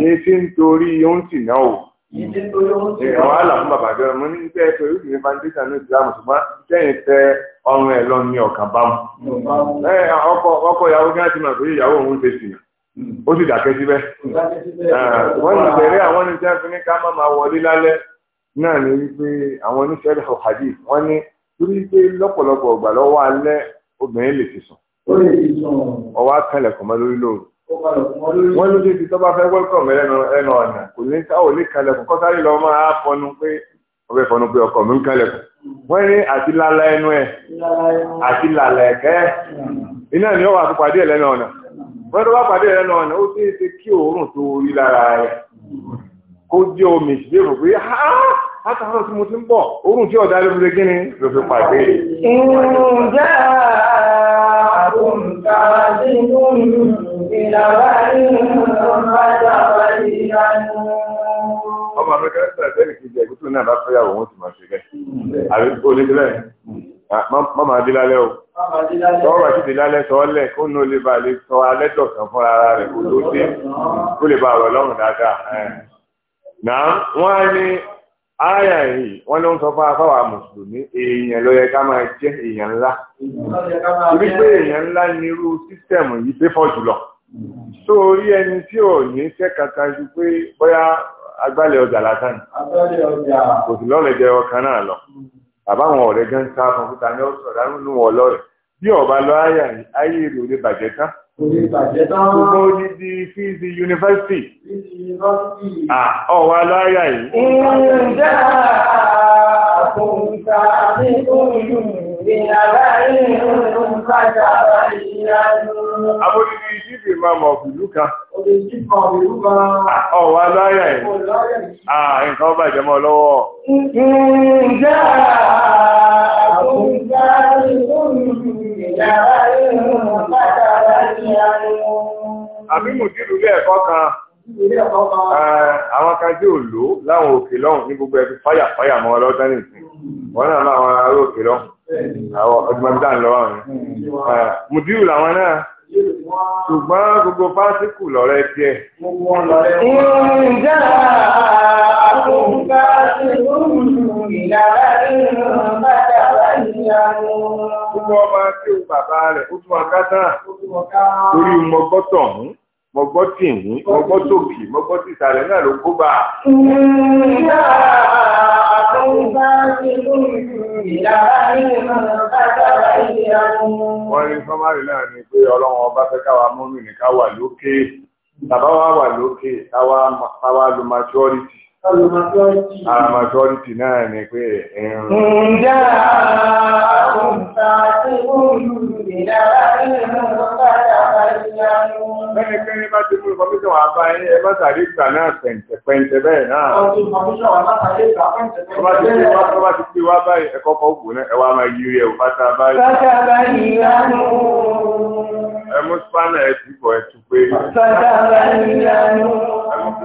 ní sí nítorí ohun sì náà o. ìwọ àlà fún bàbá jọ mo ní tẹ́ pé orí mi foundation ní ìsìlámù ṣùgbọ́n sẹ́yìn tẹ ọrùn ẹ̀ lọ ní ọ̀kan bámu. ọkọ ìyàwó kí wọ́n ti mọ̀ pé ìyàwó òun ṣe sì ó sì dàkẹ́ síbẹ̀. wọ́n ní ìbẹ̀rẹ̀ àwọn ní tí wọ́n fi ní ká má máa wọlé lálẹ́ náà ni wípé àwọn oníṣẹ́ ẹ̀fọ́ hadi wọ́n ní torí pé lọ́pọ̀lọpọ̀ ọgbà lọ́wọ́ alẹ́ obìnrin lè ti sùn. ọwọ́ akẹ́lẹ̀ kọ̀ mọ́ lórí lóru. wọ́n ló dé ibi tó bá fẹ́ wẹ́lkọ̀mù ẹnu ọ̀nà kò ní káwọ́ lè kalẹ̀kùn kọ́sáré lọ́ máa fọnu pé ọbẹ̀ fọnú pé ọkọ̀ mi ń kalẹ̀kùn wọ́n ní àti lala ẹnu ẹ̀ àti lala ẹ̀kẹ́ iná ni ó wà fún ẹ̀ lẹ́nu ọ̀nà bọ́dọ̀ bá pàdé rẹ̀ náà ó ṣeé ṣe kí òórùn tó rí lára rẹ̀ kó jẹ́ omi ìṣèlérò pé látàárọ̀ tí mo ti ń bọ̀ òórùn tí ọ̀dà lóbi gíní ló fi pàdé. ǹjẹ́ àkùnkà sí nínú ìlàwá nínú ọ̀bájà wáyé ìlànà. ọmọ mi kẹ́rẹ́sì àti ẹnì kejì ẹ̀kú tó ní àbáfẹ́yàwó wọn ti máa ṣe bẹ́ẹ̀ àbí olè bẹ́ẹ̀. Ah, má máa di lálẹ́ o tọ́wọ́ bá sì di lálẹ́ sọ ọ́lẹ̀ kó nù lè ba lè sọ alẹ́ dọ̀kan fún ara rẹ̀ kó tó dé kó lè ba ọ̀rọ̀ lọ́rùn dáadáa. Eh. náà wọ́n á ní àyà yìí wọ́n ló ń sọ fún afáwà mùsùlùmí èèyàn ló yẹ ká máa jẹ́ èèyàn ńlá torí pé èèyàn ńlá ní irú sísẹ̀mù yìí pé fọ́ jùlọ so orí ẹni tí ò ní kẹ́kàtà ju pé bóyá agbálẹ̀ ọjà látàn kò sì lọ́rẹ̀ àbáwọn ọ̀rẹ́ gan ta fún fúta ní ọ̀sọ̀ dáhùn nù wọ́n lọ́rẹ̀ bí ọba lọ ayé ayé èrè òde bàjẹ́ tán. òde bàjẹ́ tán. gbogbo odidi fíìsì yunifásitì. fíìsì yunifásitì. à lọ ayé yìí. ǹjẹ́ àkóńtà ní òyìnbó. Abójúbí ma máa mọ̀ pẹ̀lú kan. Ah, Ọ̀wà láyà ẹ̀. Àà ah, nǹkan ọba ìjẹmọ́ lọ́wọ́. Ǹjẹ́ àkójá ìyàrá ìrìn látara ìyàrá. Àbí mùdírù ilé ẹ̀kọ́ kan eh, àwọn láwọn òkè lọ́hùn ní gbogbo ẹbí fáyà fáyà mọ́ wọ́n náà máa wọn òkè lọ́hùn àwọn ọgbọ̀ntà ń lọ́wọ́ àwọn hmm. eh, mùdíù làwọn náà ṣùgbọ́n gbogbo fásitì lọ́rẹ́ tiẹ̀. ǹjẹ́ àkóńká sí ìlànà ìrìnàmọ́ta ìyanu. gbogbo ọmọ akéwù bàbá rẹ̀ ó tún ọ̀ká tán torí mọ́gbọ́tọ̀ ọ̀hún mo gbọ́ tìǹbù mo gbọ́ tòkì mo gbọ́ tìsàlẹ̀ náà ló kó bá. ìyá àtúntà ti lù ìyára nínú bàtàrà ìyá wọn. wọ́n ní sọ́márì náà ni pé ọlọ́run ọba fẹ́ káwa mọ́mí ní ká wà lókè tàbá wà lókè táwa lu majority. Ara ah, majority náà ni pé ẹ̀rùn. Ǹjẹ́ àwọn ìtàkì olùrìnlára nínú ọ̀páta àbáyánú? Bẹ́ẹ̀ni pé ní bá ti mú ìfọ̀míṣọ̀ wà bá bá tàrí ìgbà náà pẹ̀ǹtẹ̀pẹ̀ǹtẹ̀ wà bá tàrí ìgbà Bá ti pé wá báyìí ẹ̀kọ́ kọ́ náà ẹwà máa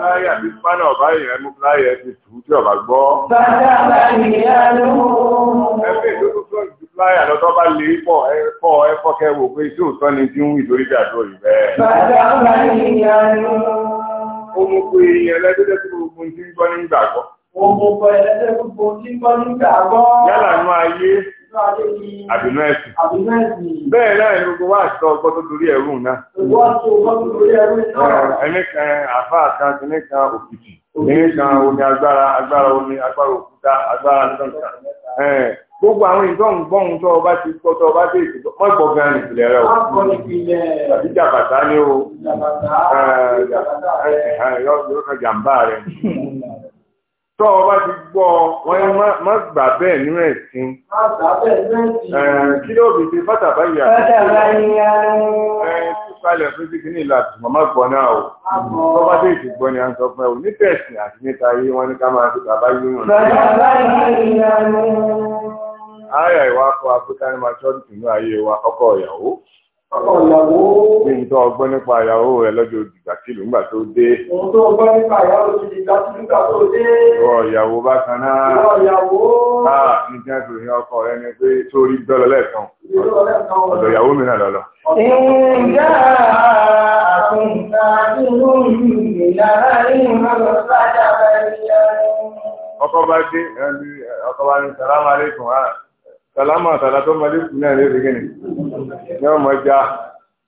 fúláyà àbí spánà ọ̀bá èèyàn mú fúláyà ẹ ti tù tí ọ̀bá gbọ́. bàtà bá ìyá ló. ẹgbẹ́ ìdókòwò tó ń ju fúláyà lọ́tọ́ bá lè pọ̀ ẹ̀fọ́ ẹ̀fọ́ kẹ́ wò pé tí òótọ́ ni tí ń wí lórí ìdàdó yìí bẹ́ẹ̀. bàtà bá ìyá ló. ó mú pé èèyàn lẹ́gbẹ́dẹ́ tó gbogbo ti ń gbọ́ nígbàgbọ́. ó mú pé ẹlẹ́dẹ́ gbogbo ti ń gbọ́ nígbàgbọ́. yálà nú ayé àbínú ẹ̀sìn. bẹ́ẹ̀ náà ni gbogbo wa àtọ́ ọgbọ́ tó torí ẹ̀rù náà. ẹni kan àfáà kan kìíní kan òkìtì kìíní kan omi agbára agbára omi agbára òkúta agbára nǹkan. gbogbo àwọn ìtọ́hún gbọ́hún tó ọba ti kọ́ tó ọba dé ìtìtò mọ́ ìgbọ́ gan ni ìpìlẹ̀ rẹ o. tàbí jàbàtà ni o. jàbàtà rẹ. yọ̀ọ́ jàǹbá rẹ. *laughs* tọ́ ọ bá ti gbọ́ wọn yẹn má gbà bẹ́ẹ̀ nínú ẹ̀sìn. kí ló bìí ṣe bàtà báyìí àná. bàtà fún ti kíní ìlà àtùmọ̀ má gbọ́ náà o. tọ́ bá tètè gbọ́ ni à ń sọ fún ẹ o ní tẹ̀sìn àti níta ayé wọn ní ká máa fi bàbá yín hàn. bàtà báyìí àná. ayà ìwà kọ akótánímọ̀ Bí n tó ọgbọ́n nípa ìyàwó rẹ̀ lọ́jọ́ òdìgbà tí ìlú ńgbà tó dé. Òun tó ọgbọ́n nípa ìyàwó rẹ̀ òdìgbà tí ìlú ńgbà tó dé. Ìwọ ìyàwó bá kan náà. Ìwọ ìyàwó. Káà ní kí wọ́n fi yan ọkọ rẹ ni pé sórí dọ́lọ lẹ́ẹ̀kan. Ọ̀dọ̀ ìyàwó mi náà lọ́lọ́. Ìjà àtúntà inú mi lára ìmọ̀lọ́ sájà bẹ̀rẹ̀ ọkọ̀ bá dé ọkọ̀ bá ní sàlámà lẹ́kùn sàlámà àtàlà tó máa lékùn náà ní ìrìgì ni ní ọmọ já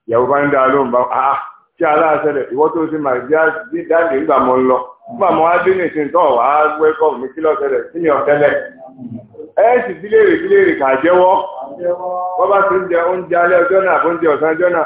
ìyàwó bá ń dá lóhùn bá a ah, tí ah, aláàṣẹlẹ̀ ìwọ́ tó ti máa já dáàdì ńgbà mọ́ ń lọ nígbà mọ́ á dé ní ìsìn tó wà á wẹ́kọ̀ mi kí lọ́sẹ̀lẹ̀ kí ni ọ̀tẹ́lẹ̀ ẹ sì bíléèrè bíléèrè kà jẹ́wọ́ wọ́n bá ti ń jẹ oúnjẹ alẹ́ ọjọ́ náà oúnjẹ ọ̀sán ọjọ́ náà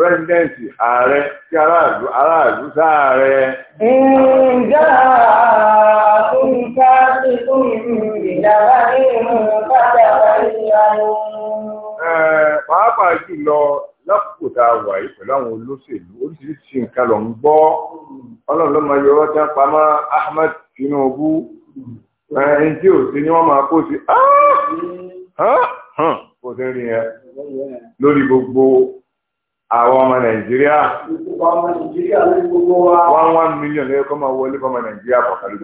pírẹsidẹ́ǹtì ààrẹ tí aráàlú aráàlú sáàrẹ. ǹjẹ́ àtúntà tuntun ìjàmbá nínú kájà ìyanu. pàápàá jùlọ lákòókò tá a wà yìí pẹ̀lú àwọn olóṣèlú oríṣiríṣi nǹkan ló ń gbọ́ ọlọ́run ló máa yọ ọwọ́ tí wọ́n pa mọ́ Ahmed Tinubu ẹni tí ò sí ni wọ́n máa kó sí kó sí rí yẹn lórí gbogbo àwọn ọmọ nàìjíríà one one million lẹ́yìn kọ́ máa wọlé fọmọ nàìjíríà pàtàkì.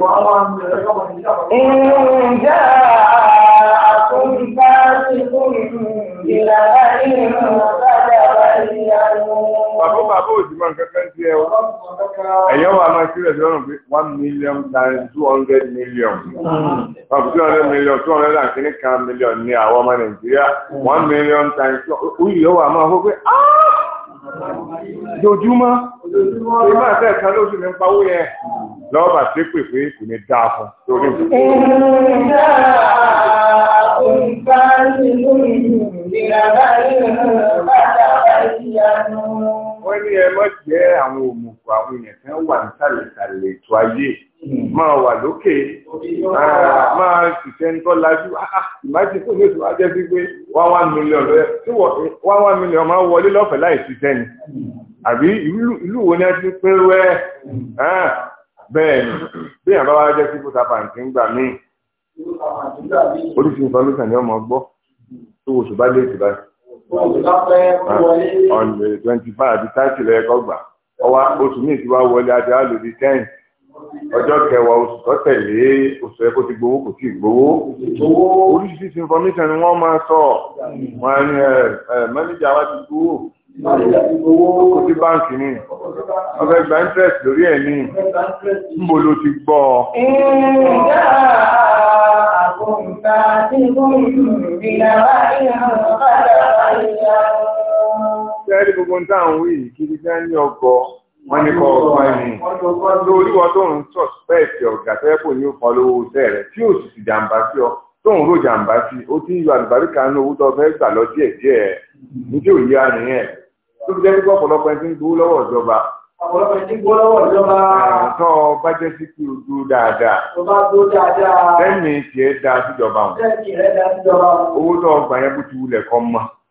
ǹjẹ́ àtúntà ti kún ìlànà ìrìn àgbàdo àbáyé àwọn. bàbá bàbá òjì máa ń kẹ́kẹ́ ń tiẹ̀ o ẹ̀yọ́ wa máa ṣílẹ̀ sí ọ̀nà pé one million times two hundred million ọ̀pọ̀ two hundred million two hundred and kìíní kan million ní àwọn ọmọ nàìjíríà mm. one million times two hundred ó yìí lọ́wọ́ àmọ́ àfọ́ pé dojúmọ́ ìgbà àti ẹ̀ka lóṣù ní pawó yẹn lọ́ọ̀bà tí pè pé kò ní dáa fún torí. ìjà òǹkà ọ̀pọ̀ àwọn èèyàn kan wà nísàlẹ̀sàlẹ̀ ètò ayé máa wà lókè máa ṣiṣẹ́ ń tọ́lájú ìmájì fún mi tó wá jẹ́ sí pé one one million lọ́yẹ tí one one million máa wọlé lọ́fẹ̀ẹ́ láì ṣiṣẹ́ ni àbí ìlú wo ni a ti pé rẹ ah, bẹ́ẹ̀ ni bí àbá wa jẹ́ sí kóta pàǹtí ń gbà míì oríṣi information ni ọmọ gbọ́ tó oṣù bá dé ìtìbá. ọ̀nà ah, twenty five àti thirty lẹ́ẹ̀kọ́ gbà ọwá oṣù míì ti wá wọlé adé alòdì ten ọjọ́ kẹwàá oṣù tó tẹ̀lé oṣù ẹ̀kọ́ ti gbowó kò tíì gbowó oríṣiríṣi information ni wọ́n máa sọ wọn ni mẹ́nẹ́jà wa ti gbowó kò sí báǹkì ni wọ́n fẹ́ gba interest lórí ẹ̀ ní níbo ló ti gbọ́ ọ. ìjà àkùnkà tí mo ń bí náà wáyé ọ̀rọ̀ padà wáyé Tẹ́lẹ̀ gbogbo ń táwọn wí kiri fẹ́ ní ọgọ́ wọ́n ní kọ́ ọgbà ẹni. Lórí wọn tó ń sọ̀spẹ́ẹ̀tì ọ̀gá tẹ́lẹ̀ kò ní ọkọ̀ lówó iṣẹ́ rẹ̀ tí ò sì ti jàǹbá sí ọ tó ń ro jàǹbá sí ó ti ń yọ àlùbáríkà ní owó tó fẹ́ gbà lọ díẹ̀ díẹ̀ ní tí ò yá nìyẹn. Tó fi jẹ́ pé ọ̀pọ̀lọpọ̀ ẹni tí ń gbowó lọ́wọ́ ìjọba ọ̀pọ̀lọpọ̀ ẹni gbọ́ lọ́wọ́ ìjọba. Àtọ́ bá o dúró dáadáa. Tó bá dúró dáadáa. da síjọba wọn. Lẹ́mìí rẹ̀ da síjọba wọn. Owó tó ọgbà yẹn bó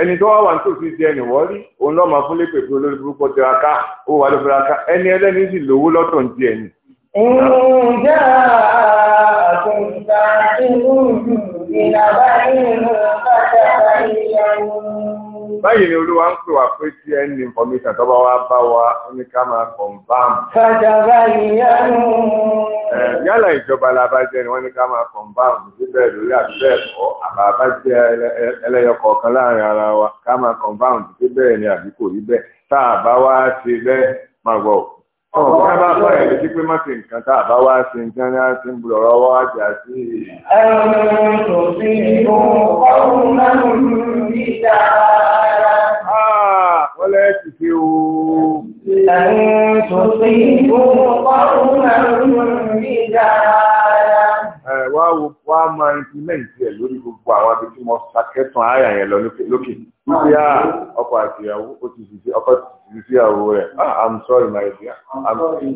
ẹni tó wá wà ní tòsí ti ẹnì wọ́n rí òun lọ́ọ́ máa fún lépè pé olórí burúkú ti ra ká ó wà ló fi ká ẹni ẹlẹ́ni sì lówó lọ́tọ̀ ní ti ẹni. ǹjẹ́ àtúntà inú ìlàbá inú bàtà ìyàwó báyìí ni olúwa ń pè wá pé tí ẹ ní information tó bá wá bá wa ní ká máa confam. fàjàgbá ìyanu. yálà ìjọba làbájẹ ni wọ́n ní ká máa confam síbẹ̀ lórí àbíbẹ̀ ẹ̀kọ́ àbábájẹ ẹlẹ́yọkọ̀ọ̀kan láàrin ara wa ká máa confam síbẹ̀ ni àbí kò rí bẹ́ẹ̀ tá a bá wá ṣe bẹ́ẹ̀ máa gbọ́ ọ̀hún ká bá bá ẹ̀ létí pé má ṣe nǹkan tá a bá wá ṣe ń ní àti ń bùrọ̀ ọwọ́ àjà sí. ẹ̀rùn tó fi ohun ọ̀hún náà ní dáadáa. wọ́n lẹ́ ti o. tó fi ohun náà dáadáa. wá wá máa implement ẹ̀ lórí gbogbo àwọn abẹ tí mo ṣàkẹ́tàn àyà yẹn lọ lókè lókè wípé à ah, ọkọ àti ìyàwó ó ti sì ọkọ ti sì sí ìyàwó rẹ̀ ah, i'm sorry my dear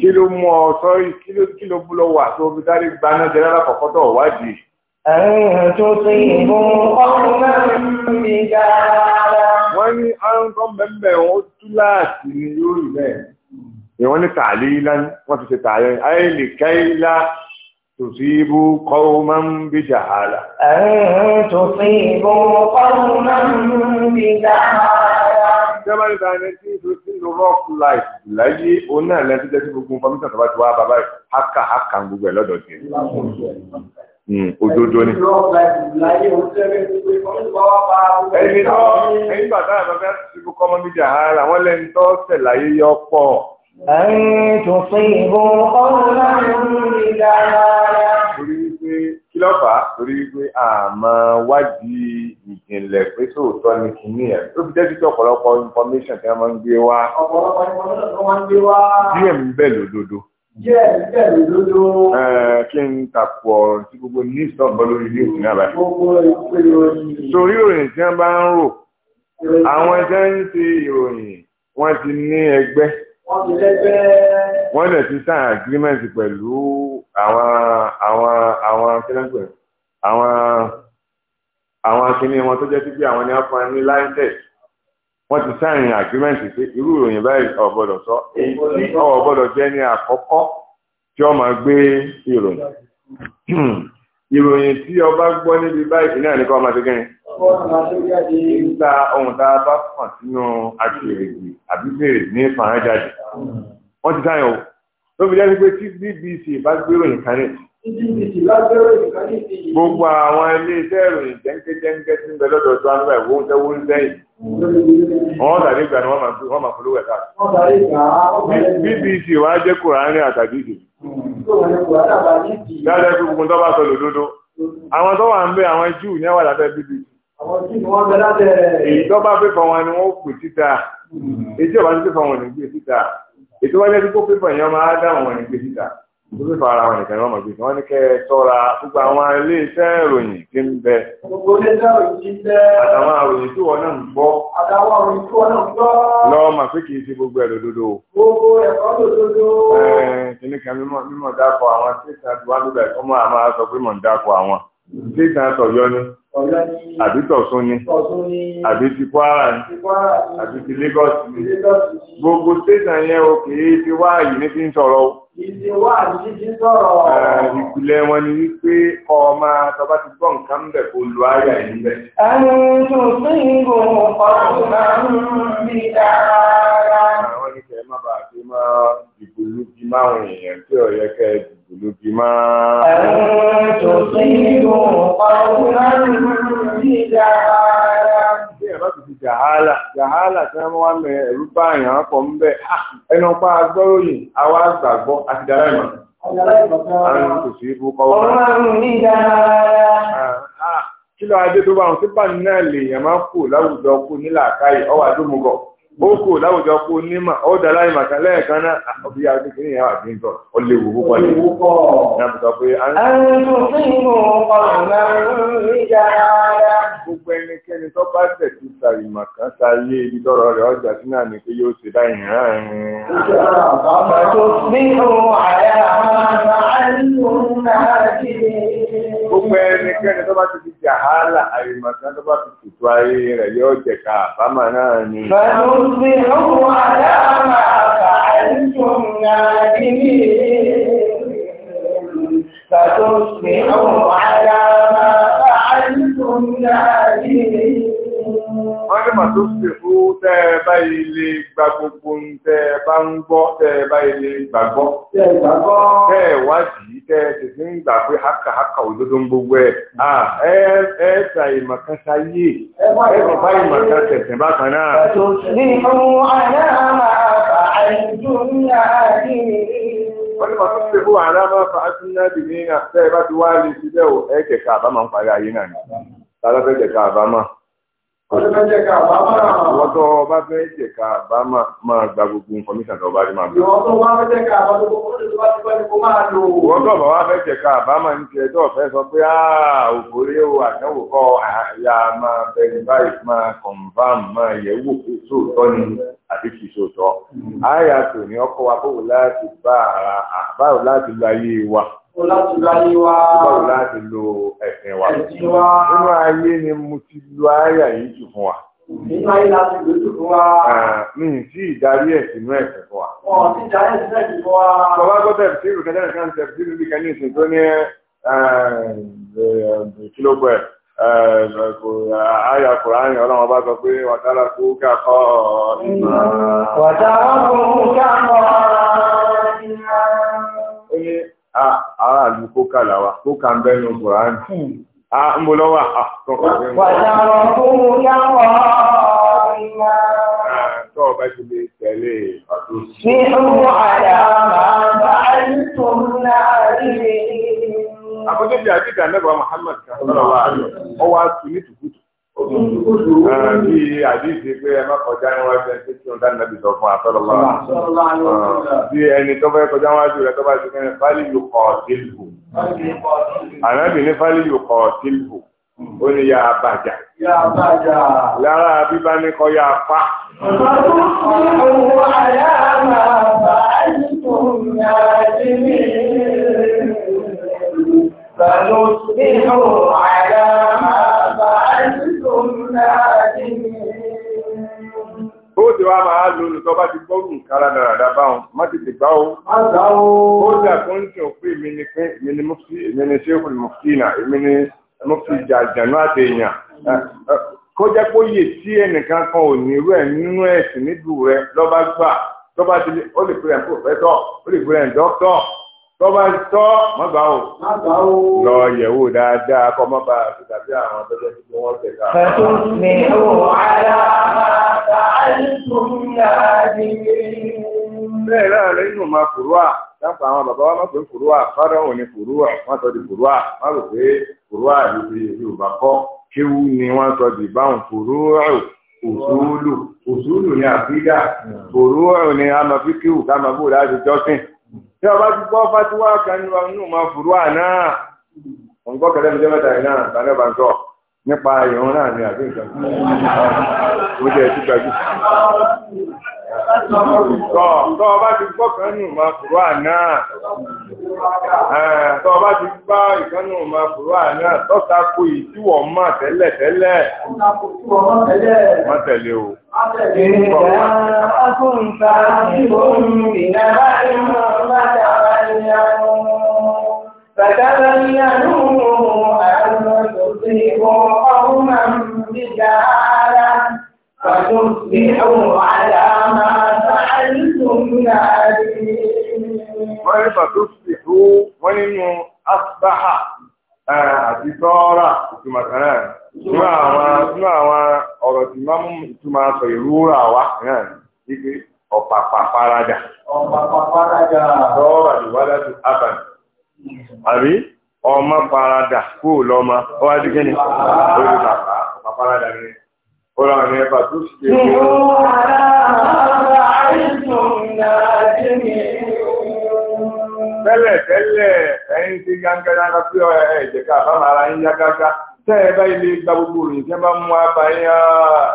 kí ló mú ọ sorry kí ló kí ló bú lọ wà tó fi dárí gbaná jẹ lára kọ̀kọ́ tó wádìí. ẹ̀rùn tó ti mú ọ̀nà mi dára. wọ́n ní ọ̀nkọ́ ah, mẹ́mẹ́ wọn tú láàsì ní yóò rí bẹ́ẹ̀. ìwọ́n ní tààlí ilá wọ́n ti ṣe tààlí ayé lè kẹ́ ilá. تصيبوا قوما بجهالة أن تصيبوا قوما بجهالة Jẹ́mọ́lì ta ni tí ìlú sínú rock life láyé òun náà lẹ́tí jẹ́ sí gbogbo pàmítà tó bá ti wá bàbá rẹ̀ hákà hákà ń gbogbo ẹ̀ lọ́dọ̀ tí ẹ̀. Hmm, òdodo ni. Ẹni tó ẹni bàtà àbábẹ́ ti gbogbo ọmọ mi jà ara wọn lẹ́ni tó ṣẹ̀ láyé yọ pọ̀. أن تصيبوا قوما بجهالة kí ló fà á torí wípé àmọ́ wádìí ìjìnlẹ̀ pé sóòótọ́ ni kìíní ẹ̀ tó fi jẹ́jú tí ọ̀pọ̀lọpọ̀ information tí wọ́n máa ń gbé wá. ọ̀pọ̀lọpọ̀ information tí wọ́n máa ń gbé wá. díẹ̀ ń bẹ lódodo. díẹ̀ ń bẹ lódodo. kí n tàkù ọ̀rọ̀ tí gbogbo ní ìsọ̀nbọ lórí ilé ìsìn náà báyìí. gbogbo ìpèròyìn. torí ìròyìn tí wọ́n wọ́n lè ti sign agreement pẹ̀lú àwọn àwọn àwọn kílẹ̀pẹ̀ àwọn àwọn akíní wọn tó jẹ́ sí pé àwọn ni wọ́n fún ẹ ní láńtẹ̀ wọ́n ti sign agreement pé irú ìròyìn báyìí ò gbọ́dọ̀ sọ èyí tí ò gbọ́dọ̀ jẹ́ ní àkọ́kọ́ tí ó máa gbé ìròyìn *clears throat* ìròyìn tí ọba gbọ́ níbi báyìí náà ní kọ́ máa ti gẹ́rin. Nígbà ohun tá a bá fà sínú agbègbè àbí bèrè ní ìfàrán jáde. Wọ́n ti sáyẹn o. Ló fi jẹ́ pé tí BBC bá gbérò nìkan ní. Gbogbo àwọn ilé iṣẹ́ ìròyìn jẹ́ńkẹ́jẹ́ńkẹ́ tí ń bẹ lọ́dọ̀ tó ń bẹ̀ wó ń tẹ́wó ń sẹ́yìn. Wọ́n tàbí ìgbà ni wọ́n máa polówó ẹ̀ káàkiri. BBC wàá jẹ́ Kùránì àtàgé ìdìbò. Dáadáa fi gbogbo tó bá sọ lòdodo. Àwọn tó wà ń bẹ àwọn Júù ní àwọn àlàfẹ́ BBC. Èyí tó bá pépà wọn ni wọ́n pè síta. Èyí tí ọba ti pépà wọn ni gbé síta. Èyí tó bá jẹ́ kó pépà yẹn máa dá wọn ni gbé síta. Ó pépà ara wọn nìkan ni wọ́n mọ̀ gbé síta. Wọ́n ní kẹ́ ẹ tọ́ra gbogbo àwọn ilé iṣẹ́ ìròyìn tí ń bẹ. Gbogbo ilé iṣẹ́ ìròyìn ti ń bẹ. Àtàwọn àròyìn tí wọ́n náà ń gbọ́. Àtàwọn àròyìn tí wọ́n náà ń gbọ́. Lọ́ọ́ mà pé kì í ṣe gbogbo ẹ̀ lódodo. Gbogbo ẹ̀kọ́ lódodo. Ẹ̀ẹ́n kìnnìkan Títa tọ̀yọ́ ni, àbí tọ̀sún ni, àbí ti Kwara ni, àbí ti Lagos ni. Gbogbo títa yẹn o kìí ti wá yìí ní fi ń sọ̀rọ̀ o. Ìpìlẹ̀ wọn ni wípé ọmọ àtọ́bá ti gbọ́ nǹkan bẹ̀ kó lu ayà yìí bẹ̀. Ẹni tó sí ìgò ọ̀pọ̀ náà ń bí dáadáa. Àwọn ìṣẹ̀lẹ̀ má bàa fi máa dìbò lójú máwọn èèyàn tí ọ̀yẹ́kẹ́ dì. بما أن تصيبوا قوما Jàhálà jàhálà tí wọ́n wá mẹ ẹ̀rú bá àyàn ọkọ̀ ń bẹ́ ẹnu pa agbọ́ròyìn àwa àgbàgbọ́ àti dára ìmọ̀. Àwọn kò sí ibú kọ́wọ́. Ọlọ́run ní jàhálà. Kí ló adé tó bá wọn tí bá náà lè yàn máa kù láwùjọ kù nílà káyì ọwà tó ó kò láwùjọ kó nímà ó dá láì màkà lẹ́ẹ̀kan náà àbí akékeré yẹn wà bí n tọ̀ ó léwu púpọ̀ ní. láti sọ pé a ń. ẹnu fíìmù ọ̀nà ìjà ara. gbogbo ẹnikẹ́ni tó bá tẹ̀ sí sàrì màkà sáyé ibi tọrọ rẹ̀ ọjà sí náà ni pé yóò ṣe báyìí náà. ìjà àbámọ̀ tó nínú àyà Gbogbo ẹnikẹ́ni tó bá ti fi jàhálà àyèmọ̀sán tó bá ti tètò ayé rẹ̀ yóò jẹ̀ka àbámọ̀ náà ni. Bẹ́ẹ̀ni تصبحوا على ما فعلتم نادمين فتصبحوا على ما فعلتم نادمين wọ́n ní màtó sì fún tẹ́ ẹ báyìí lè gba gbogbo ń tẹ́ ẹ bá ń gbọ́ tẹ́ ẹ báyìí lè gbàgbọ́. tẹ́ ẹ gbàgbọ́. tẹ́ ẹ wádìí tẹ́ ẹ tètè ń gbà pé haka haka òdodo ń gbogbo ẹ̀. ẹ ẹ ta ìmọ̀ kan sáyé ẹ kò bá ìmọ̀ kan tẹ̀sẹ̀ bákan náà. ní ìfún àná máa fà àìdùn ní àdínì wọ́n ní màá tún ṣe fún àná máa fa àtúnyá dì ní àtẹ́ bá ti wá lè ṣiṣẹ́ ò ẹ̀ kẹ̀kẹ́ àbámọ̀ ń parí ayé náà ni. tálọ́fẹ́ kẹ̀kẹ́ àbámọ̀. Wọ́n tó bá fẹ́ jẹ̀ka bá máa gba gbogbo ìfọ̀míṣà tó bá rí máa gbà. Wọ́n tó bá fẹ́ jẹ̀ka bá máa ń jẹ tó fẹ́ sọ pé àà ah, òkúrí ó àtẹ́wò kọ́ àyà máa bẹ̀rẹ̀ báyìí máa kọ̀m̀báàmù máa yẹ̀wò sóòtọ́ ni àti kìí sóòtọ́. Hmm. Àyà tò ní ọkọ̀ wa báwo láti bá ara báwo láti lo ayé wa láti ráyé wá. Báwo láti lo ẹ̀sìn wa? Ẹ̀sìn wa. Nínú ayé ni mo ti lo àyà yìí jù fún wa. Nínú ayé láti lò jù fún wa. Mi ì tí ì ẹ̀sìn náà ẹ̀sìn fún wa. Wọ́n ti darí ẹ̀sìn náà ẹ̀sìn fún wa. Bàbá gbọ́dọ̀ ẹ̀sìn ìlú kẹjá nìkan ti ẹ̀sìn ìlú kan ní ìsìn tó ní kílógbò ẹ̀. Àyà Kùránì ọlọ́run ọba sọ pé wàtálà kú kàkọ́ ìmọ̀. Wàtálà kú kàkọ́ ìmọ̀. ará ìlú kókà làwà kókà ń bẹ́nu kòrán a ń bọ́ lọ́wọ́ àkọ́kọ́ tó ọba ti lè tẹ̀lé ìpàdó. ṣé ọmọ àyà máa bá àlùtò láàrin. àkọ́jọ́ bí àdìgà nẹ́bàá Muhammad kan sọ̀rọ̀ wa ọwọ́ àti ní Ah, bí àdìsí pé ẹ má kọjá níwájú ẹni tí wọn dáná bí sọ fún àtọrọ lọ ah, ah, bí ẹni tó fẹ́ kọjá níwájú rẹ tó bá ti kẹrin fálí yóò kọ sílùú ànábì ní fálí yóò kọ sílùú ó ní yà bàjá lára bíbá ní kọ yà pa. Bàlọ́ Ó ti máa lo bá ti gbọ́rù nǹkan má ti o. Ó jà O ń tún pé èmi ni pé èmi ni mufti, èmi ni mufti náà, èmi ni mufti jàjànú àti èèyàn. Kó jẹ́ kó yè ẹnìkan kan ò ní rẹ̀ nínú ẹ̀sìn nídùú tọ́ba ń tọ́ mọ́gbà o lọ yẹ̀wò dáadáa kọ́ mọ́ba àti tàbí àwọn abẹ́jọ́ tí wọ́n tẹ̀ ká. pẹ̀lú mi ò ara àìsùnláàdì. bẹ́ẹ̀ láàrin inú kùrúà dápọ̀ àwọn bàbá wa má pé kùrúà fáránwò ni kùrúà wọ́n sọ di kùrúà má rò pé kùrúà ló fi Yorùbá kọ́ kéwú ni wọ́n sọ di báwọn kùrúà òṣùlù òṣùlù ni àbídà kùrúà ni amafikíwù tí ọba ti gbọ́ fatiwa kan nínú máa fòrò àná ọ̀nkọ́ kẹlẹ́ mi jẹ́ mẹ́ta yìí náà tàbí ọba ń sọ nípa ìrún náà ni àbí nǹkan tó ń jẹ́ ẹtí gbajú. Tọ́ ọba ti gbọ́ kan nù máa kúrò àná. Tọ́ ọba ti gbá ìkan nù máa kúrò àná. Tọ́ta kò yìí tí tẹ́lẹ̀ tẹ́lẹ̀. Wọ́n o. Ìgbà akúnta ìhòòhùn ìnáwó ìmọ̀ bá dára ìyàwó. فتبينوا أن تصيبوا قوما بجهالة فتصبحوا على ما فعلتم نادمين وإن فتصبحوا وإن àti sọ́ọ́rà ìtumọ̀ kan nínú àwọn ọ̀rọ̀ tí máa mú ìtumọ̀ sọ ìrúra náà ní pé sọ́ọ́rà tó àbí ọmọ lọ́mọ ọlọ́run ní ẹ̀fà tó sì dé. tẹ́lẹ̀ tẹ́lẹ̀ ẹ̀yin ti gángẹ́dáńgá pé ẹ̀jẹ̀ ká bá màá ra yín yá gágá tẹ́ ẹ bá ilé gba gbogbo òròyìn tí wọ́n bá mú wa bá yín á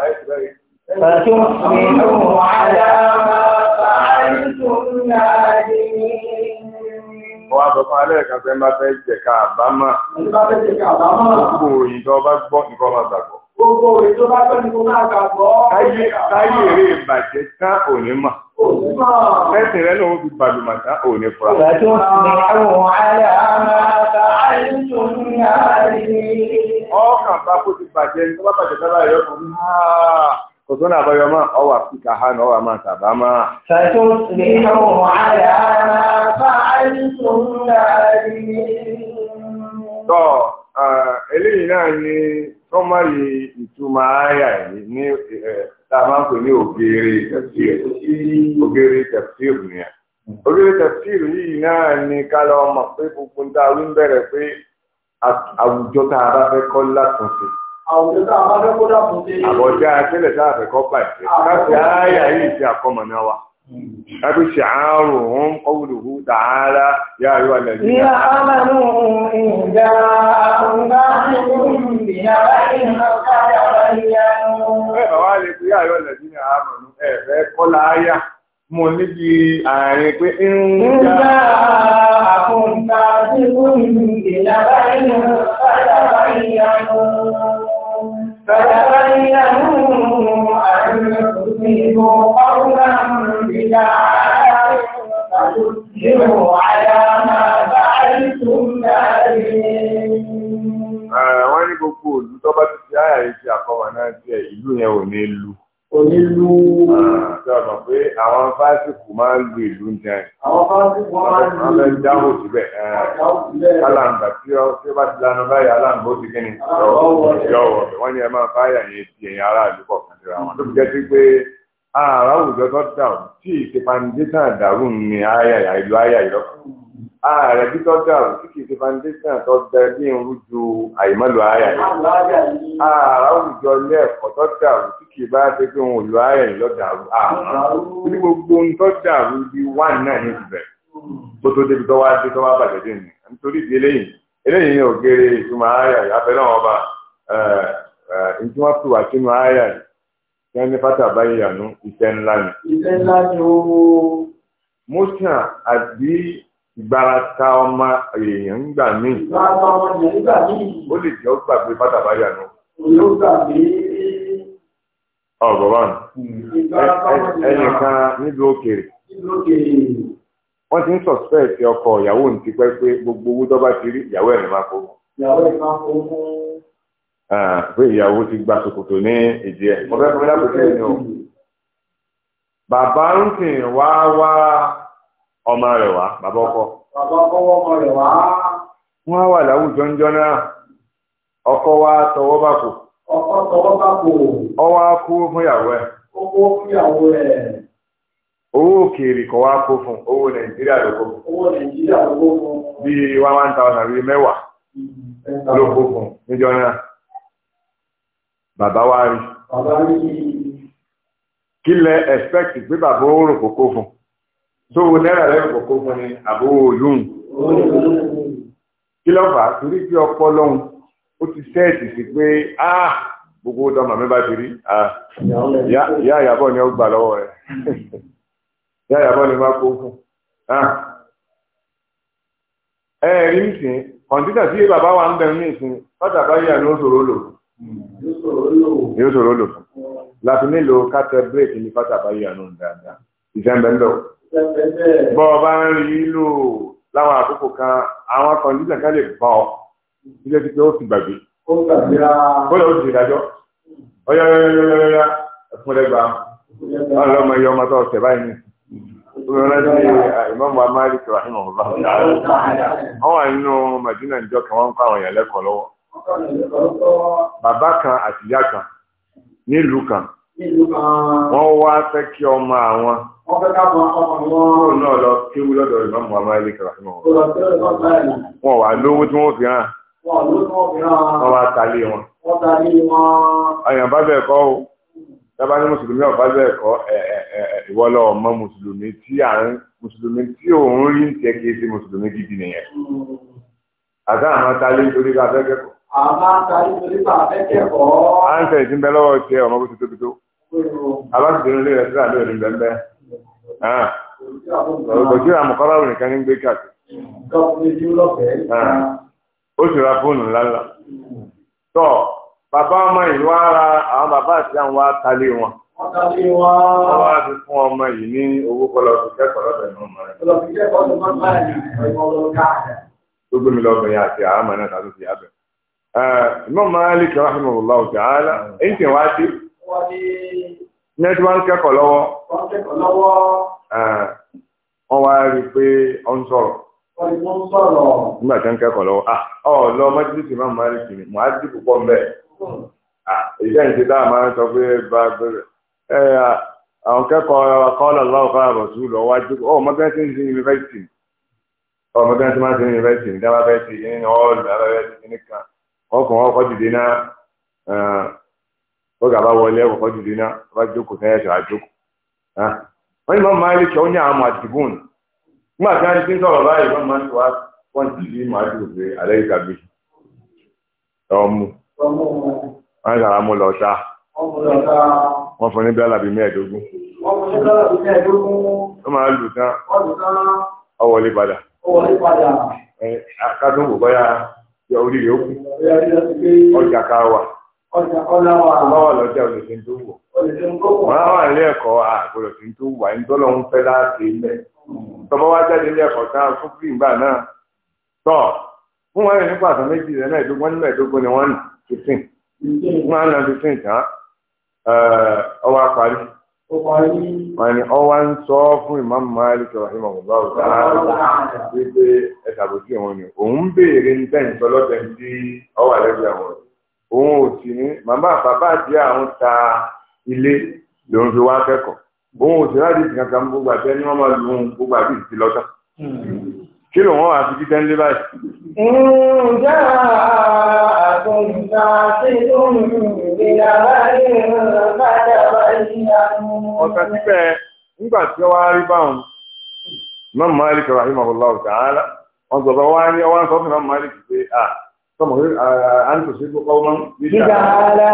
ẹ̀sìn bẹ́ẹ̀. Fàtún mi ló wà lára fàáìsùn náà dé ní wọ́n á máa fẹ́ jẹ̀ka àbámọ̀. Gbogbo ètò bá tọ́ ni eré ìbàjẹ́ fi fura. tó àwọn àìsùn ní Ọkàn bá kó ti bàjẹ́ ní bá bàjẹ́ sábà yọ fún mi. Ah, kò náà báyọ̀ máa ọwà pìkà ha ní ọwà máa tàbá máa. ní àwọn àìsùn ní Tọ́ ah, eléyìí náà ni. ọmọ yìí ìtumọ̀ àyà yìí ní tá a máa ń pè ní ògèrè tafsir ògèrè tafsir nìyẹn ògèrè tafsir yìí náà ni kálọ̀ ọmọ pé gbogbo ń dáwí ń bẹ̀rẹ̀ pé àwùjọ tá a bá fẹ́ kọ́ látúnṣe. àwùjọ tá a bá fẹ́ kọ́ látúnṣe. àbọ̀dá tẹ́lẹ̀ tá a fẹ́ kọ́ bàjẹ́ káfíńáyà yìí ti àkọmọ̀ náà wa. أبي شعارهم قوله تعالى يا أيها الذين آمنوا إن جاءكم فاسق بنبأ فتبينوا يا أيها الذين آمنوا قل آية mo níbi àárín pé ń já àkùnfà sí fún ìyàwó ìyàwó فتبينوا أن تصيبوا قوما بدعاء ní gbogbo òlú tó ti ṣe àyà yìí àkọwà náà jẹ́ ìlú yẹn ò ní lu onílù. Ah, ṣé pé àwọn fásitì máa ń lu ìlú ń jẹun? Àwọn fásitì wọ́n máa ń lu ìlú. Wọ́n dáhùn síbẹ̀. Alàǹgbà eh, tí ó tí bá ti lanu báyìí alàǹgbà ó ti kí ni? Yọ̀wọ̀ wọ́n ní ẹ máa báyà yẹn ti ẹ̀yìn aráàlú pọ̀ kan síra wọn. Tó fi pé ààrá àwùjọ tó dà tí ìṣèpánidé tàn dàrú ni àyà ìlú àyà ààrẹ ah, bí tọ́jú àrùn tí kìí ṣe foundation tó dẹ bí n rújú àyèmọ́lò ààyè yìí ààrẹ ah, àwùjọ ilé ẹ̀kọ́ tọ́jú àrùn tí kìí bá ṣe pé òun lò ààyè yìí lọ́jà àrùn àmọ́ ah, ní gbogbo ohun tọ́jú àrùn bí wà náà ní ìbẹ̀rẹ̀ tó tó débi tó wá dé tó wá bàjẹ́ dé nì nítorí ìdí eléyìí eléyìí ògèrè ìtumọ̀ ààyè yìí afẹ́ náà ọba ntí eh, eh, wọ́n fi wà sínú ààyè yìí kí wọ́n ní pátá báyìí yànú iṣẹ́ ńlá ni. iṣẹ́ ńlá ni ó. mọ́ṣà àbí ìgbaraka ọmọ èèyàn ń gbà míì ó lè jẹ́ ó gbàgbé bàtàbáyà nù. ọ̀gbọ̀n bá nù ẹnìkan nílùú òkèèrè wọ́n ti ń sọ̀spẹ́ẹ̀tì ọkọ ìyàwó ní tipẹ́ pé gbogbo owó tó bá ti rí ìyàwó ẹ̀ ní máa kó. ìyàwó ẹ̀ máa kó fún. pé ìyàwó ti gba ṣòkòtò ní ìdí ẹ̀ mo fẹ́ fún mi lápò sí ẹ̀yìn o. bàbá ń sìn wá wá. ọmọ rẹ̀ wá bàbá ọkọ. bàbá ọkọ ọkọ rẹ̀ wá. wọ́n wà láwùjọ ń jọ náà ọkọ wa tọwọ́ kò. ọkọ tọwọ́ bá kò. ọwọ́ á fún ìyàwó kọwa ó fún ìyàwó ẹ̀. owó òkèèrè kọ́ wá kó fún owó nàìjíríà ló kó fún. owó nàìjíríà ló kó fún. bíi one one thousand bíi mẹ́wàá tó wo náírà lẹ́yìn kọ̀ọ̀kan fún ni àbówó lóhùn. kí ló fà á torí pé ọpọlọ òun ó ti sẹ́ẹ̀tì sí pé á ah, gbogbo ọmọ mi bá ti rí ìyá ah, ìyàbọ̀ ni ó gbà lọ́wọ́ rẹ̀ ìyá *laughs* ìyàbọ̀ ni má kó fún ah. ẹ rí nìsín kọ̀ǹtítà tí bàbá wa ń bẹ̀rù nìsín bàtà báyà ni ó ṣòro lò yóò ṣòro lò fún láti nílò kátẹ bírèkì ní bàtà báyà náà dáadáa ìfẹ́ ń bẹ́ẹ̀ lọ́wọ́ bọ́ ọ bá ń rí lò láwọn àkókò kan àwọn kọ̀ǹdíṣàn kan lè bá ọ ilé ti pé ó ti gbàgbé ó lọ sí ìdájọ́ ọyọyọyọyọyọ ẹ̀fúnlẹ́gba ọlọ́mọ iye ọmọ tó ọ̀sẹ̀ báyìí olùrànlọ́sí ìmọ̀mù amáàlì tó àhìmọ̀ ọ̀bá wọn wà nínú Màdínà ìjọ kan wọn ń kọ́ àwọn èèyàn lẹ́kọ̀ọ́ lọ́wọ́ bàbá kan àtìyá kan nílùú kan wọ́n wá fẹ́ kí ọmọ àwọn wọ́n fẹ́ ká bọ́ ọmọ wọn. náà lọ kéwú lọ́dọ̀ ìmọ̀mù amáyélé kẹwàá sí wọn. wọn wà lówó tí wọ́n fi hàn. wọn lówó tí wọ́n fi hàn. wọ́n wá talé wọn. wọ́n talé wọn. àyàn bá bẹ́ẹ̀ kọ́ o dábàá ní mùsùlùmí ọ̀bá bẹ́ẹ̀ kọ́ ìwọ lọ ọmọ mùsùlùmí tí à ń mùsùlùmí tí òun rí ń tẹ́ kí sí mùsùlùmí gidi nìyẹn. Hmm. àtà àmọ́ talé nítorí ká fẹ́ kẹ́kọ̀ọ́. àmọ́ talé nítorí ká fẹ́ kẹ́kọ̀ọ́. à ń tẹ̀ hmm. ìsínbẹ́ òjò ah. àmọ̀kọ́láwò nìkan ní gbé káàkiri. Ah. ó sì ra fóònù ńláńlá. tọ́ bàbá ọmọ ìlú ara àwọn bàbá àti àwọn atalé wọn. wọn. wọ́n wá fi fún ọmọ yìí ní owó kọlọ fi kẹ́kọ̀ọ́ lọ́bẹ̀ náà mọ́ rẹ̀. kọlọ fi lọ́bẹ̀ fi tí wọ́n á Eh, wọ́n wá rí i ọ sọ̀rọ̀. nígbà tí wọ́n kẹ́kọ̀ọ́ lọ́wọ́ ah máa máa rí á dì púpọ̀ mbẹ́. ìjẹ́ ìṣe máa ń sọ pé bá a eh, ah, àwọn kẹ́kọ̀ọ́ lọ́wọ́ oh, fún oh, ní wọ́n Imam Malik ó ní àwọn àdìgún nígbà tí wọ́n ti ń sọ̀rọ̀ báyìí Imam Malik wá wọ́n ti di màdùn pé alẹ́ ìka bí ọmú wọ́n sàrà mú lọ sá wọ́n fún ní dọ́là bíi mẹ́ẹ̀ẹ́dógún wọ́n máa lù tán ọwọ́lé padà akásùnwò bọ́yá yọ orí rẹ̀ ó kú ọjà ká wà ọjà ọlá wà lọ́jà òṣèlú tó wọ̀ wọ́n wà nílé ẹ̀kọ́ àgbọ̀dọ̀ tí ń tó wà ń tọ́lọ̀ ń fẹ́ láti ilẹ̀ tọ́bọ́ wá jáde nílé ẹ̀kọ́ tán fún fún ìgbà náà tọ́ fún wọn rìn nípa méjì rẹ̀ mẹ́ẹ̀ẹ́dógún ní mẹ́ẹ̀ẹ́dógún ni wọ́n fifteen wọ́n na fifteen tán ọwọ́ parí wọ́n ní ọwọ́ ń sọ fún Imam Malik rahim ọ̀gbọ́n ọ̀gá wípé ẹ̀ka àbòsí wọn ni òun béèrè ní tẹ́yìn ilé lòun fi wá kẹ́kọ̀ọ́ bóun ò sí láti ìsìn kankan mú gbogbo àti ẹni wọn máa lu ohun gbogbo àti ìsìn lọ́tà kí ló wọn àti títẹ́ ńlé báyìí. ǹjẹ́ àgbẹ̀yìnbá ṣe tó ń ìrìn bàjẹ́ báyìí àmú. ọ̀sán síbẹ̀ nígbà tí wọ́n á rí báwọn mọ́mọ́ Malik rahimahullah ta'ala wọ́n sọ fún wa ní sọ fún mọ́mọ́ Malik pé ah Sọ́mọ̀ rí àárín tòṣe gbogbo ọmọ nígbà ààrẹ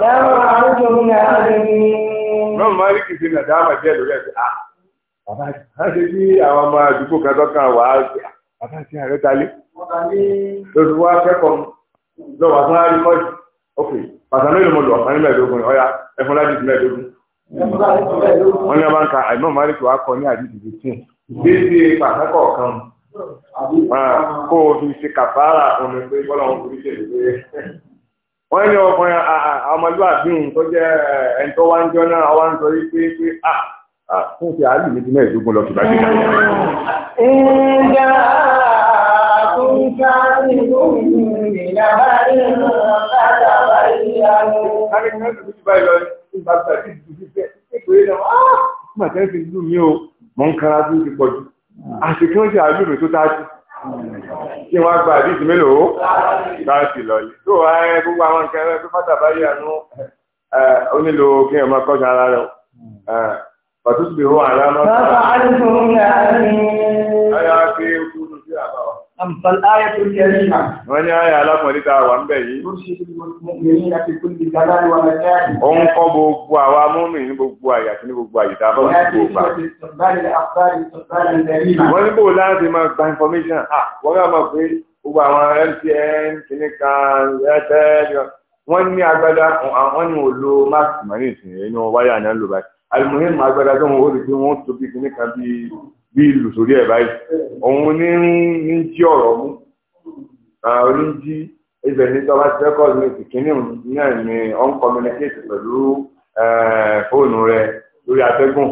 dáwọn àrùjọ ní ààrẹ ní. Lọ́mọ̀ máa rí kìí ní àdáàmà díẹ̀ lórí ẹ̀sẹ̀. Bàbá àti bí àwọn ọmọ àdúgbò kan tọ́kàn wà á sí bàbá àti ààrẹ talé. Lọ́sùn wá kẹ́kọ̀ọ́ lọ́wọ́ fún àárín kọ́ọ̀sì. Ok, bàtà mélòó mo lọ ọ̀kan ní mẹ́ẹ̀ẹ́dógún ọ̀yà ẹ̀fọn láti ti kó o fi ṣe kàfàrà omi pé bọ́lá wọn kúrú ṣèlú pé wọ́n ní ọkùnrin ọmọlúwàbí òun tó jẹ́ eh, ẹni tó wá ń jọ náà wá ń sọ yí pé pé ah, à ah, fún ti àálù méjì mẹ́ẹ̀ẹ́dógún lọ kìbá kìbá. ǹjẹ́ àkúńká ní gómìnà ìlànà ìlú látàbà ìyanu. kárí ní ọ̀sẹ̀ tó ti báyìí lọ nígbà tí a ti dùn sí pé ìpè náà á máa tẹ́sí ìlú mi o mọ̀ ń kára tó ti pọ̀ jù àti kí wọ́n ṣe àlùmí tó tájú kí wọ́n gba àdíjì mélòó láti lọ yìí tó wá ẹ gbogbo àwọn nǹkan ẹgbẹ́ fátà bá yà nú ó nílò kí ọmọ kọ́ṣà ara rẹ̀ pàtó sì bí wọ́n àrá máa ń bá a. bàbá àdúgbò ń kúrú sí àbáwá. فالآية الكريمة وني آية على مريتا وانبي ترشد المؤمنين في كل زمان ومكان أم قبوا ومؤمن بقوا يا تني بقوا يا تابا بقوا استقبال الأخبار استقبالا كريما وني بقول لازم information ها ولا ما في وبا ما MTN كني كان يتل wọ́n ní agbada àwọn ni ò lo mask mọ́nìsì ẹni wọ́n wáyà náà lò báyìí alùmọ́hìn agbada tó ń wọ́n rí pé wọ́n tóbi kìnnìkan bíi bí ìlù sórí ẹ̀ báyìí òun ní ní jí ọ̀rọ̀ mú àwọn oníjí ibẹ̀ ní tọ́ba ti fẹ́kọ̀ ní ìkíní náà ni ó ń communicate pẹ̀lú fóònù rẹ lórí atẹ́gùn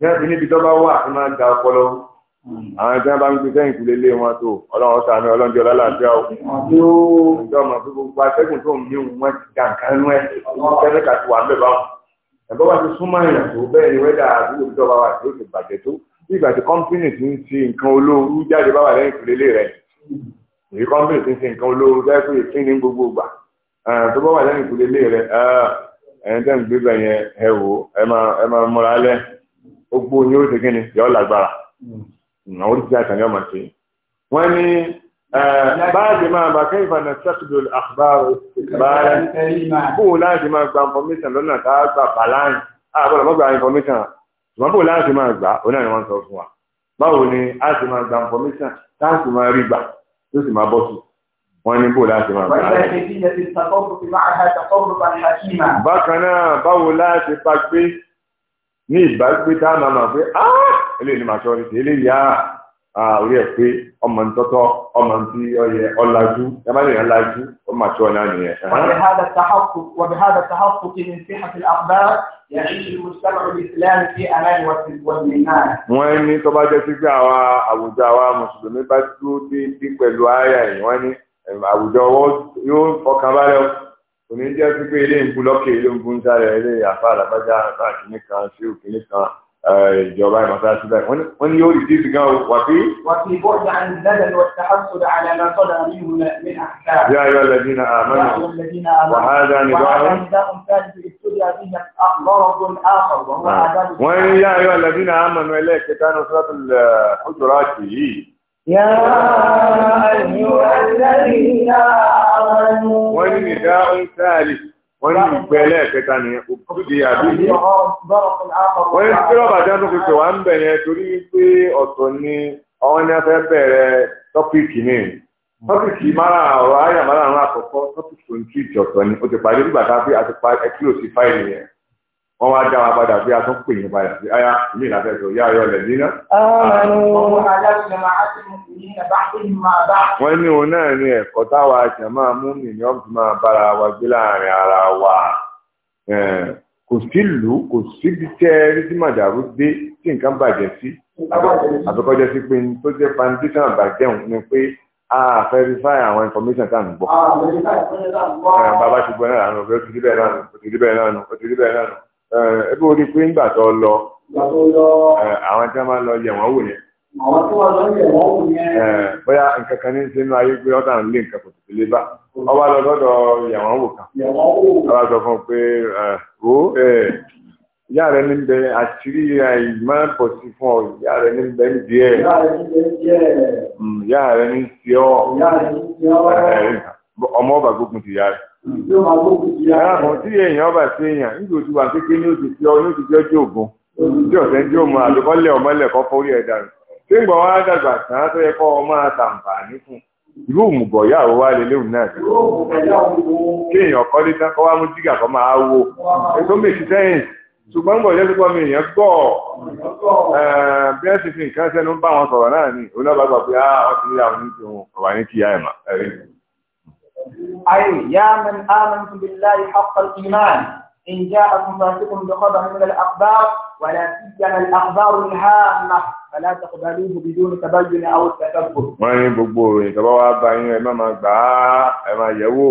níbi níbi tọ́ba wà ó máa ń da ọpọlọ àwọn tí wọ́n bá ń gbé sẹ́yìn kúlé lé wọn tó ọlọ́run sàmì ọlọ́njọ́ lálàáfíà o ọjọ́ ọmọ fún gbogbo atẹ́gùn tó ń mí wọn ti dà nǹkan nú ẹ̀ kẹ́míkà ti wà ń bẹ̀ báwọn ẹ̀bọ́n wa ti súnmọ́ ìyàn tó bẹ́ẹ̀ ni wẹ́dà àdúgbò tó wà tó ti bàjẹ́ tó bí ìgbà tí kọ́mpínì ti ń ti nǹkan olóoru jáde bá wà lẹ́yìn ìpìlélẹ̀ rẹ̀ èyí kọ́mpínì ti ń ti nǹkan olóoru jáde pé èké ní gbogbo gbà tó bá wà lẹ́yìn ìpìlélẹ̀ rẹ̀ ẹ̀yìn tẹ́ ń gbé bẹ̀ yẹn ẹ wò ẹ máa múra lẹ́ gbogbo yín ó ti kí ni yọ lágbára àwọn oríṣiríṣi àtàní ọmọ ṣe wọ́n ní báàgì máa bá kẹ́yìnfà náà ṣàkóso àkùbárò báàgì bóun láti máa gba information lọ́nà tá a gbà balance ṣùgbọ́n bò láti máa gbà ó náà ni wọ́n sọ fún wa báwo ni a sì máa gba information tá a sì máa rí gbà tó sì máa bọ́ sí wọ́n ní bò láti máa gbà. bákan náà báwo láti pa gbé ní ìbágbé tá a máa máa pé ah eléyìí ni màá sọ ọ́ ní ti eléyìí ah! orí ẹ̀ pé ọmọ ntọ́tọ́ ọmọ ntí ọyẹ ọ̀làjú yamalẹ̀ yẹn lajú ọmọ àti ọ̀nà nìyẹn. وبهذا التحقق وبهذا التحقق من صحة الأخبار يعيش المجتمع الإسلامي في أمان واطمئنان. wọ́n ní tó bá jẹ́ sí àwa àwùjọ àwa mùsùlùmí bá dúró dídí pẹ̀lú ayà yìí wọ́n ní àwùjọ yóò fọkàn balẹ̀ kò jẹ́ sí ilé ìbúlọ́kì ilé ìbúntà rẹ̀ ilé àfa àlàbájá àkíní kan sí òkíní kan. ìjọba ìmọ̀sáàsì báyìí wọ́n ní yóò rí díìsì gan wà pé. wà pé bọ́ọ̀dà àìlẹ́dẹ̀ lọ tàhásù àlẹ́ àlọ́sọ̀dà nínú min àṣà. yá ayọ́ lẹ́dínà àmọ́nà wà á dá ní bá wọn. wọ́n ní yá ayọ́ lẹ́dínà àmọ́nà ẹlẹ́ẹ̀kẹta ní sọ́tù ọjọ́ráàtì yìí. yá ayọ́ lẹ́dínà àmọ́nà. wọ́n ní nìdá ń sáàlì. wọ́n ní ìgbẹ́ ẹlẹ́ẹ̀kẹta nìyẹn di wọ́n tí wá ń bẹ̀ yẹn torí pé ọ̀tọ̀ ni àwọn a fẹ́ bẹ̀rẹ̀ tọ́pìkì tọ́pìkì mara ọ̀rọ̀ ayà mara àrùn àkọ́kọ́ tọ́pìkì tó ń tú ìjọ̀tọ̀ ni ó ti parí nígbà tá a fi wọ́n wá dá wa padà bí a tún pè yín padà sí aya mi ìlànà ẹ̀sọ́ yá ayọ̀ lẹ̀ dínà. wọ́n ní òun náà ní ẹ̀kọ́ táwa àṣà máa mú mi ní ọ́n ti máa bára wa gbé láàrin ara wa kò sí kò síbi tẹ́ rí tí màdàrú dé tí nǹkan bàjẹ́ sí àbíkọ́jẹ́ sí pé tó jẹ́ foundation àbàjẹ́ òun ni pé a verify àwọn information tá à ń gbọ́. bàbá ṣùgbọ́n náà lánàá ó ti rí bẹ́ẹ̀ náà ó ti rí bẹ́ẹ̀ náà ó ti rí bẹ́ẹ̀ náà. ẹbí orí pé ńgbà tó lọ àwọn tí wọ́n máa lọ yẹ̀ wọ́n wò yẹn. àwọn tí wọ́n lọ yẹ̀ wọ́n wò yẹn. bóyá nǹkan kan ní sínú ayé pé ọ̀tá ń lé nǹkan kò tètè lé bá ọba lọ lọ́dọ̀ yẹ̀ wọ́n wò kan. ọba sọ fún un pé wo ìyá rẹ ní bẹ àṣírí àìmọ́ pọ̀ sí fún ọ ìyá rẹ ní bẹ ń ìyá rẹ ní ti hmm, ọ́ ọmọ ọba gbógun ti Àràbùn tí èèyàn bá sí èèyàn nígbà tí wà kékeré ní oṣù onye ọ ní oṣù tí ọjọ́ ògùn tí ọ̀sẹ̀ ń jó mu àlùkọ́lẹ̀ ọmọlẹ̀ kọ́ fọ́rí ẹ̀dá rẹ̀. Ṣé ń gbọ́ wá dàgbà tán tó yẹ kọ́ ọmọ àtàǹfààní fún? Irú òmùgọ̀ ìyá àwọn wá lè léwu náà. Kí èèyàn kọ́ lé tán ti sẹ́nu bá wọn sọ̀rọ̀ náà ni أي يا من آمنتم بالله حق الإيمان إن جاءكم فاسق بخبر من الأخبار ولا سيما الأخبار الهامة فلا تقبلوه بدون تبين أو تكبر. wọ́n ní gbogbo òròyìn tó bá wá bá yín ẹ má máa gbà á ẹ máa yẹ̀ wò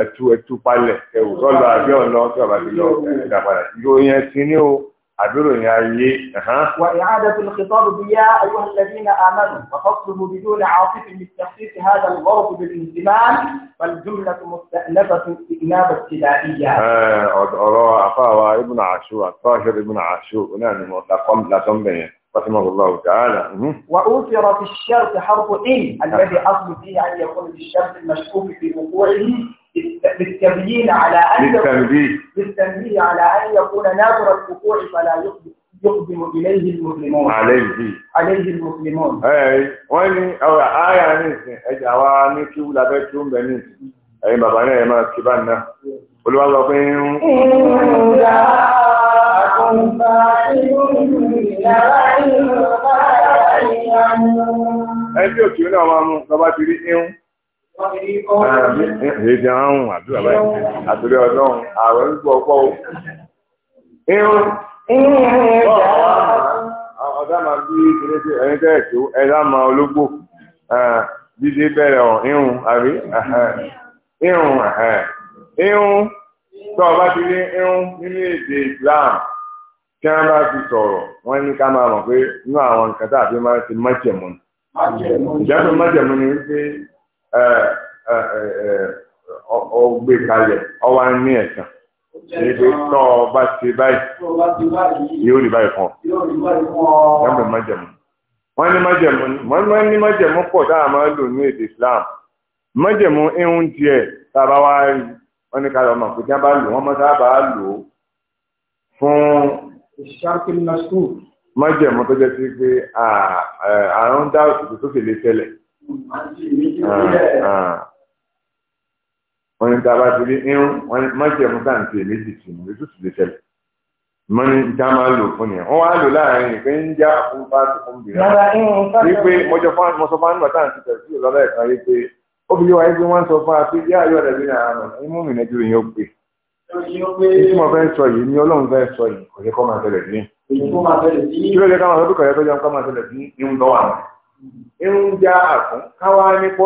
ẹ tú ẹ tú palẹ̀ ẹ wò tọ́lọ àbí ọ̀nà tí ọba ti lọ ẹ dà padà ìròyìn ẹ̀sìn ni o. عبيرون يا يي أها وإعادة الخطاب بيا أيها الذين آمنوا وفصله بدون عاطف للتخصيص هذا الغرض بالانزمام فالجملة مستأنفة استئناف ابتدائية. آه أرى ابن عاشور الطاهر ابن عاشور نعم وتقم لا تنبيه رحمه الله تعالى وأوثر في الشرط حرف إن الذي أصل فيه أن يكون بالشرط المشكوك في وقوعه بالتبيين على أن بالتنبيه بالتنبيه على أن يكون نادر الوقوع فلا يقدم إليه المسلمون عليه عليه المسلمون أي وين أو آية نسي أجواني ولا لابتهم بنسي أي آه، بنا ما كبرنا قلوا الله بهم إن جاءكم فاحش أي بيوتي نعم بابا تريد Èyí ti àwọn àdúrà báyìí àtúrí ọlọ́run ààrẹ ń gbọ́ ọpọ́ o. Irun. Ọ̀dà máa bí ìdílé ẹni tẹ́ ẹ̀tọ́ ẹ̀dá máa ológbò dídé bẹ̀rẹ̀ ọ̀ irun àbí irun irun tó ọba ti ní irun nínú ọgbẹ́ kalẹ̀ ọwá ní ẹ̀sán níbi tọ́ ọ bá ti báyìí yóò rí báyìí fún ọ yàgbẹ́ májẹ̀mú wọ́n ní májẹ̀mú wọ́n ní májẹ̀mú pọ̀ dáa máa lò ní èdè Islam májẹ̀mú ihun tiẹ̀ tàbá wá rí wọ́n ní kalẹ̀ ọmọ àpòjá bá lò wọ́n mọ́tà bá lò ó fún májẹ̀mú tó jẹ́ sí pé àrùn dáhùn tó tó fi lè tẹ́lẹ̀. Ah, ah. wọ́n ní tá a bá ti rí irun wọ́n ní májèmú táǹtì méjì tì mú ètò ìdè tẹ́lẹ̀ mọ́ ní tá máa ń lò fún yẹn wọ́n wá lò láàrin ìpín ń já fún fáàtì fún bìrì wípé mọ́jọ fún àwọn sọfún àwọn táǹtì tẹ̀sí ìlọ́lá ẹ̀ka yìí pé obìnrin wa yìí pé wọ́n sọ fún wa pé yá ayọ̀ rẹ̀ bí i àná imú mi nẹ́jú yìí ó pè tí mo fẹ́ sọ yìí ni ọlọ́run fẹ́ sọ yìí kò yẹ kó máa tẹ̀lẹ̀ sí. kí ló yẹ ká máa sọ pé kò ní ń já àkún káwá nípa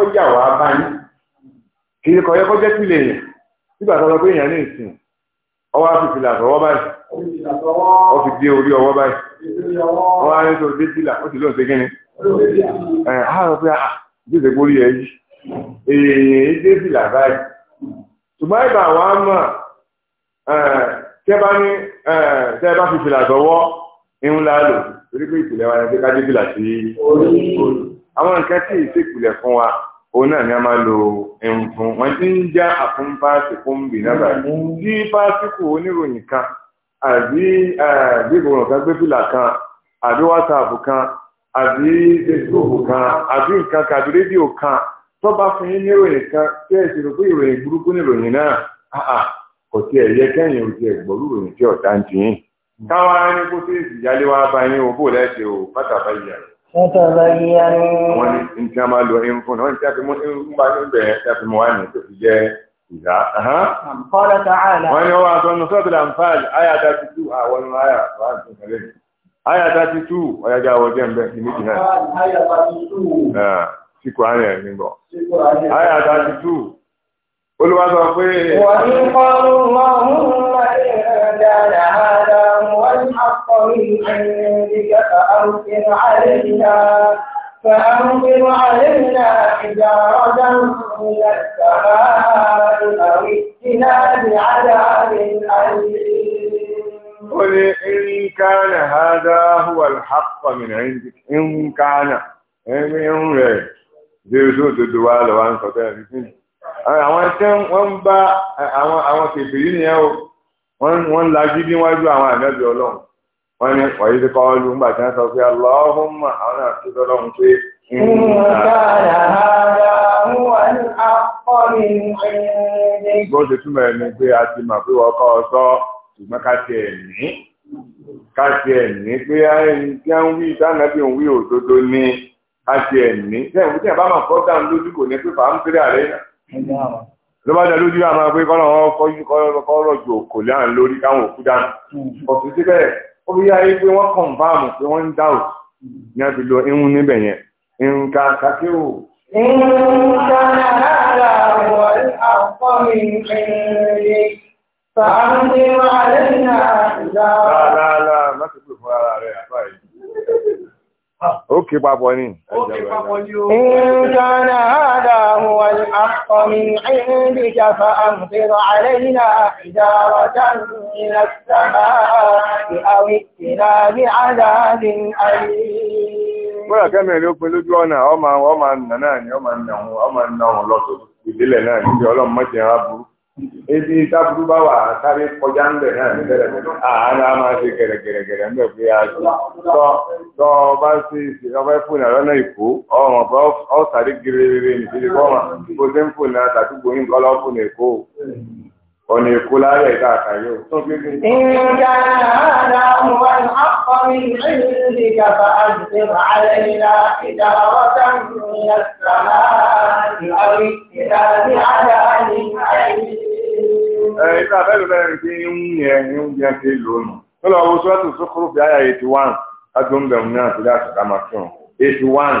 ọjà wà bá yín kì í kọ̀yẹ́ kọjá sí ilé yẹn nígbà tó lọ pé èèyàn ní ìsìn ọwọ́ á fi fìlà sọ́wọ́ báyìí ó fi dé orí ọwọ́ báyìí ọwọ́ á ní tó dé sílà ó sì lóun ṣe kí ni ẹ̀ á rọ pé àjẹsẹ̀ gbórí ẹ̀ yìí èèyàn dé fìlà báyìí ṣùgbọ́n ìgbà wa mọ̀ tẹ́ bá ní tẹ́ bá fi fìlà sọ́wọ́ ń torí pé ìpìlẹ̀ wa ni pé kájú bìlà sí orí. àwọn nǹkan tí ì ṣèpìlẹ̀ fún wa òun náà ni a máa lo ẹ̀hún fún wọn tí ń já àfúnpá ṣèkúnbì náà báyìí tí mm-hmm. fásitì oníròyìn kan àbí gbígbòrò kan gbé fìlà kan àbí wásaàpù kan àbí fesibúùkù kan àbí nǹkan kan àbí rédíò kan tó bá fún yín ní ìròyìn kan tí ẹ ti rò pé ìròyìn burúkú ní ìròyìn náà kò tiẹ̀ yẹ kẹ́yìn ò tiẹ̀ gbọ́rú ìròyìn tí ọ̀dà ń jìn yín káwa hmm. ní kó sí ìyálé wa bá yín òbó lẹ́sẹ̀ o bàtà bá yà. bàtà bá yà ni. wọ́n ní ní tí a máa lo ẹyin fún un wọ́n tí a fi mú ń bá tí a fi mú wá ní tó fi jẹ́ ìyá. qala ta'ala. wọ́n ní wọ́n aṣọ sọ́ọ̀tì Anfal àyà thirty two àwọn ọ̀nà àyà wà ní ìkàlẹ̀ mi. àyà thirty two ọ̀yájà wọ jẹ́ mbẹ́ ní méjì náà. àyà thirty two. síkò àyà ẹ̀ níbọ̀. من عندك فأمطر علينا فأمطر علينا حجارة من السماء أو ائتنا بعذاب أليم قل إن كان هذا هو الحق من عندك إن كان إن غير Jésù tó ti wá lọ́wọ́ ń sọ bẹ́ẹ̀ ní fún àwọn tẹ́ wọ́n bá àwọn kèfèrí nìyẹn o wọ́n lajú níwájú àwọn ànábì Ọlọ́run wọ́n ní wọ̀nyí kọ́ lu ńgbà tí sọ pé aláhùnmá àwọn náà ti dọ́dọ̀ ń pé. bó ṣe túmọ̀ ẹ̀ ni pé a ti mọ̀ pé wọ́n kọ́ ọ sọ ṣùgbọ́n ká ti ẹ̀ ní ká ti ẹ̀ ní pé ẹni tí a ń wí ìdánábì ń wí òdodo ni ká ti ẹ̀ ní. bẹ́ẹ̀ ní tí bá máa fọ́ dáhùn lójú kò ní pé fàá ń péré àrẹ náà ló bá lójú àmà pé kọ́ ọ̀rọ̀ ju òkò láàrin lórí káwọn òkú dáná ọ̀sùn hmm. síbẹ̀ ó fi yára pé wọ́n kọ̀ǹfàmù pé wọ́n ń dá ò ní a fi lo irun níbẹ̀ yẹn irun ká kàkí ò. irun ká nàlá sàánú ní wàhálà ìlà. láàlá láàlá má ti pè fún ara rẹ̀ àbáyé ó kí papọ̀ ní ìjọ́nà àdáhù al'akọ̀mí ìrìnlẹ̀ jàfà àmfẹ́rọ àrẹ́lá ìjárọ̀tà ìrìnà sáà àti àwẹ̀ ìrìnà ní àdáhùn àrẹ́ Mọ́ra kẹ́mẹ̀ ló pin lójú ọ̀nà ọmọ àwọn ọmọ nà náà ni ọmọ nà òun lọ́tọ̀ ìdílẹ̀ náà níbi ọlọ́mọ ebi tábùrú bá wà sáré kọjá ń bẹ̀ náà níbẹ̀rẹ̀ pẹ̀lú àárá máa ṣe gẹ̀rẹ̀gẹ̀rẹ̀gẹ̀rẹ̀ ń bẹ̀ pé a tọ́ tọ́ ọba sí ọba fònà lọ́nà ìkó ọmọ bá ọ sáré gẹ̀rẹ̀gẹ̀rẹ̀ nìṣẹ́ kọ́ ọmọ bó ṣe ń fònà tàdúgbò yín kọ́ ọ̀nà èkó lárẹ̀ káàkiri ó tó gbégbé. ìrìnjà àádá ọmọ àkọ́rí ìrìnlẹ̀ gàbà àjùbẹ̀rẹ̀ àlẹ́yìnlá ìjà ọ̀tá ìrìnlẹ̀ sàmà ìwárí ìjà ní one adúmbẹ̀mù náà ti dá àtàkà máa fi one.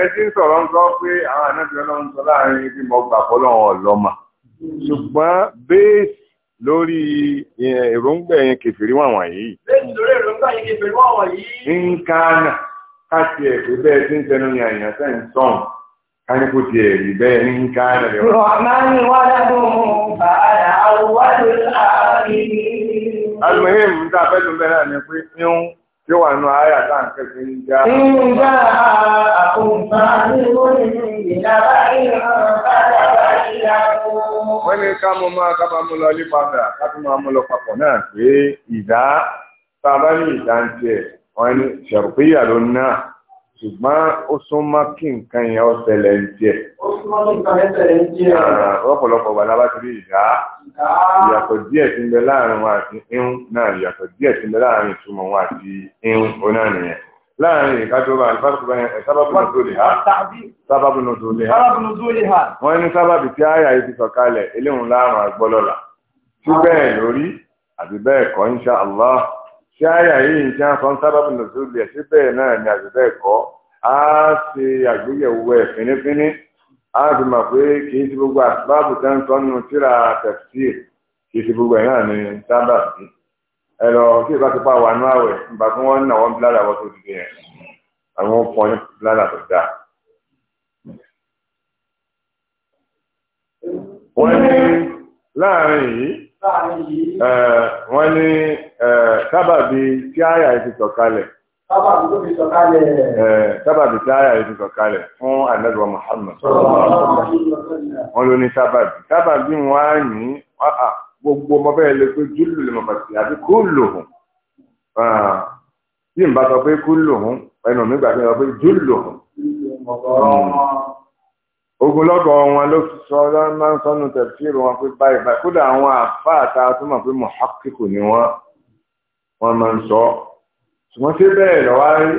ẹ ti ń sọ̀rọ̀ ń sọ pé àwọn ànábì ọlọ́run sọ láàrin ibi mọ̀ gbà fọlọ́run ọ̀lọ́mà ṣùgbọ́n bẹ́ẹ̀sì lórí èròǹgbà yẹn kẹfìrí wà wọ̀nyí. bẹ́ẹ̀sì lórí èròǹgbà yẹn kẹfìrí wà wọ̀nyí. nǹkan káàkiri ẹ̀fẹ́ bẹ́ẹ̀ ti ń tẹnu yàn yàn sẹ́yìn sọ̀n káni kò tiẹ̀ bẹ́ẹ̀ nǹkan rẹ̀. rọ̀mánì wàdàdùn bàrà tí wà nù ayà tá à ń kẹ́kẹ́ ń já. Ìjà àkùnfà ní orí ìyára ìran padà bá ìyàwó. Wọ́n ní ká mo máa ká máa mú lọ ilé padà ká tún máa mú lọ papọ̀ náà pé ìdá tá a bá ní ìdá ń tiẹ̀ wọ́n ní ṣẹ̀rùpéyà ló ń ná ṣùgbọ́n ó sún mọ́ kí nǹkan yẹn ó ṣẹlẹ̀ ń tiẹ̀. Ó sún mọ́ kí nǹkan yẹn ṣẹlẹ̀ ń tiẹ̀. Ọ̀pọ̀lọpọ̀ wà lábá ti rí ìdá ìyàtọ̀ díẹ̀ ti ń bẹ láàrin wọn àti irun náà ìyàtọ̀ díẹ̀ ti ń bẹ láàrin ìtumọ̀ wọn àti irun onáà nìyẹn láàrin ìkájọba alifásitì sábàbù nùdúlì ha sábàbù nùdúlì ha wọ́n ní sábàbù tí àyà yìí ti sọ̀kalẹ̀ eléhùn láàrùn agbọ́lọ́lá tí bẹ́ẹ̀ lórí àti bẹ́ẹ̀ kọ́ insha Allah tí àyà yìí ń jẹ́ àfọ́n sábàbù nùdúlì ẹ̀ sí bẹ́ẹ̀ náà ni àti bẹ́ẹ̀ kọ́ á ṣe àgbéyẹ̀wò ẹ̀ fínífíní a fi mọ̀ pé kì í ti gbogbo àsìbáàbù tẹ́ ń sọ nínú tíra tafsir kì í ti gbogbo ẹ̀ náà ní sábà sí ẹ lọ sí ìbá ti pa wà nú àwẹ̀ nígbà tí wọ́n ń nà wọ́n bílára wọ́n tó ti dé yẹn àwọn ọkọ̀ ní bílára tó dáa. wọ́n ní láàrin yìí wọ́n ní sábàbí tí àyà ti sọ̀kalẹ̀ sábàbí tó fi sọ̀kalẹ̀. sábàbí tí àyà yìí fi sọ̀kalẹ̀ fún ànábìwá Muhammad. wọ́n ló ní sábàbí sábàbí wọn á ní gbogbo ọmọ bẹ́ẹ̀ lè pé júlù lè mọ̀ pàtàkì àbí kó lò hùn bí n bá sọ pé kó lò hùn ẹnu mi gbà pé sọ pé júlù lò hùn. Hmm. ogunlọ́gọ̀ wọn ló sọ máa ń tẹ̀síìrì wọn pé báyìí báyìí kódà àwọn àfáà ta tó mọ̀ pé mọ̀hákìkù ni wọ́n wọ́n máa ń sọ ọ́ ṣùgbọ́n ṣé bẹ́ẹ̀ lọ́wọ́ rí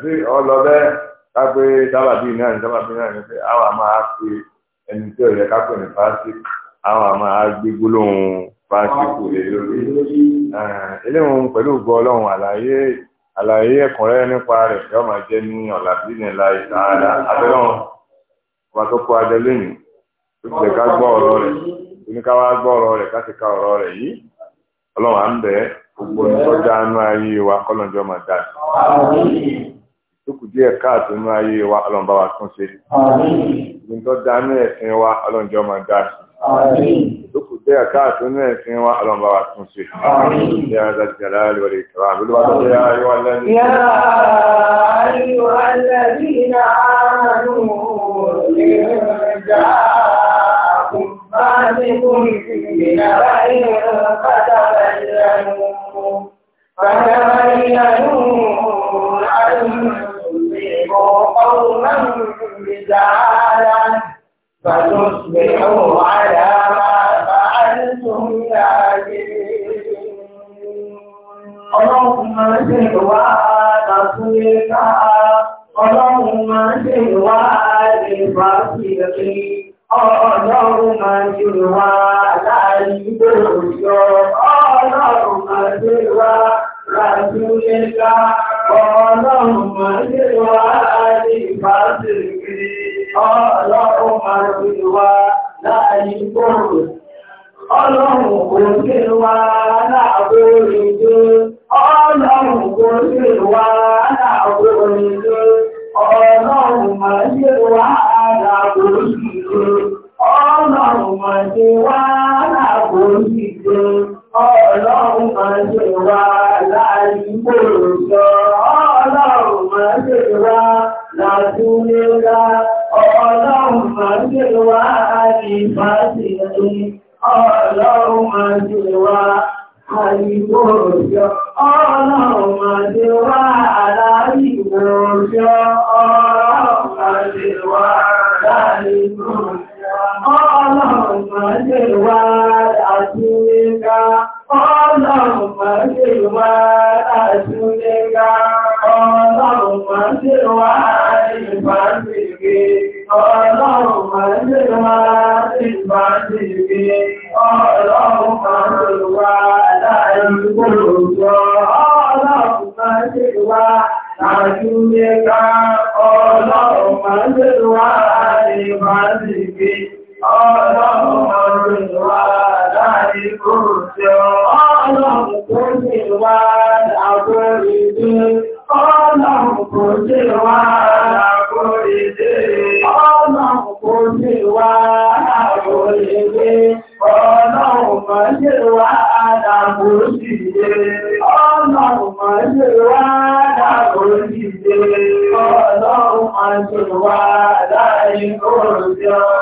ṣé ọlọ bẹ́ẹ̀ ká pé sábàbí náà ní sábàbí náà ní pé àwọn máa pe ẹni tí ọ̀yẹ́ ká pè ní fásitì àwọn máa gbé gbólóhùn fásitì lé lórí. eléwọ̀n pẹ̀lú ògbọ́ ọlọ́run àlàyé àlàyé ẹ̀kúnrẹ́rẹ́ nípa rẹ̀ yóò máa jẹ́ ní ọ̀là bílẹ̀ láì sáárá abẹ́rẹ́wọ̀n ọba tó kó adé lónìí ó ti lè ká gbọ́ ọ̀rọ̀ rẹ̀ oníkáwá gbọ́ ọ̀rọ̀ rẹ̀ ọlọ́run à ń bẹ̀ẹ́ gbogbo ìtọ́jà inú ayé wa kọ́lọ̀njọ́ máa dà Ìtókù díẹ̀ káàtó inú ayé wa ọlọ́run bá wa tún ṣe. Ìgbìn tó ẹ̀sìn wa ọlọ́njọ́ máa dà Ìtókù díẹ̀ káàtó inú ẹ̀sìn wa ọlọ́run bá wa tún ṣe. Ìyá Azá ti Jàlá lè wọlé ìtura àbí ló tó yá ayé wa lẹ́nu. Yá ayé wa lẹ́nu ìwà àtàkùnléká ọlọ́run máa ń ṣe ìwà àìfàṣìlẹ̀ ọlọ́run máa ń ṣe ìwà aláìgbò òjò ọlọ́run máa ń ṣe ìwà àtàkùnléká ọlọ́run máa ń ṣe ìwà àìfàṣìlẹ̀ ọlọ́run máa ń ṣe ìwà aláìgbò òjò ọlọ́run kò ń ṣe ìwà aláàbò òjò ọlọ́run Ọlọ́run kò ṣe wá àdàbò nílé. Ọlọ́run máa ṣe wá àdàbò nílé. Ọlọ́run máa ṣe wá àdàbò nílé. Ọlọ́run máa ṣe wá láìpò ìjọ. Ọlọ́run máa ṣe wá látúlélá. Ọlọ́run máa ṣe wá àdìbàṣe. Ọlọ́run máa ṣe wá àìwòròjọ́ ọlọ́mọdé wà aláìwòròjọ́ ọlọ́mọdé wà aláìwòròjọ́ ọlọ́mọdé wà àtúnlẹ́gá ọlọ́mọdé wà àtúnlẹ́gá ọlọ́mọdé wà ìbáṣẹ̀gẹ́ ọlọ́mọdé wà ìbáṣẹ̀gẹ́ Àjúyẹ́ká ọlọ́run máa ń lèrò wá láàrin máa ń lè gbé, ọlọ́run máa ń lèrò wá láàrin kò jẹ́ ọlọ́run kò jẹ́ wá àgbò ìdí, ọlọ́run kò jẹ́ wá àgbò ìdí, ọlọ́run kò jẹ́ wá àgbò ìdí. Ọlọ́run máa ń lè wá àdàbò òṣìṣẹ́. Ọlọ́run máa ń lè wá àdàbò òṣìṣẹ́. Ọlọ́run máa ń lè wá àdàbò òṣìṣẹ́.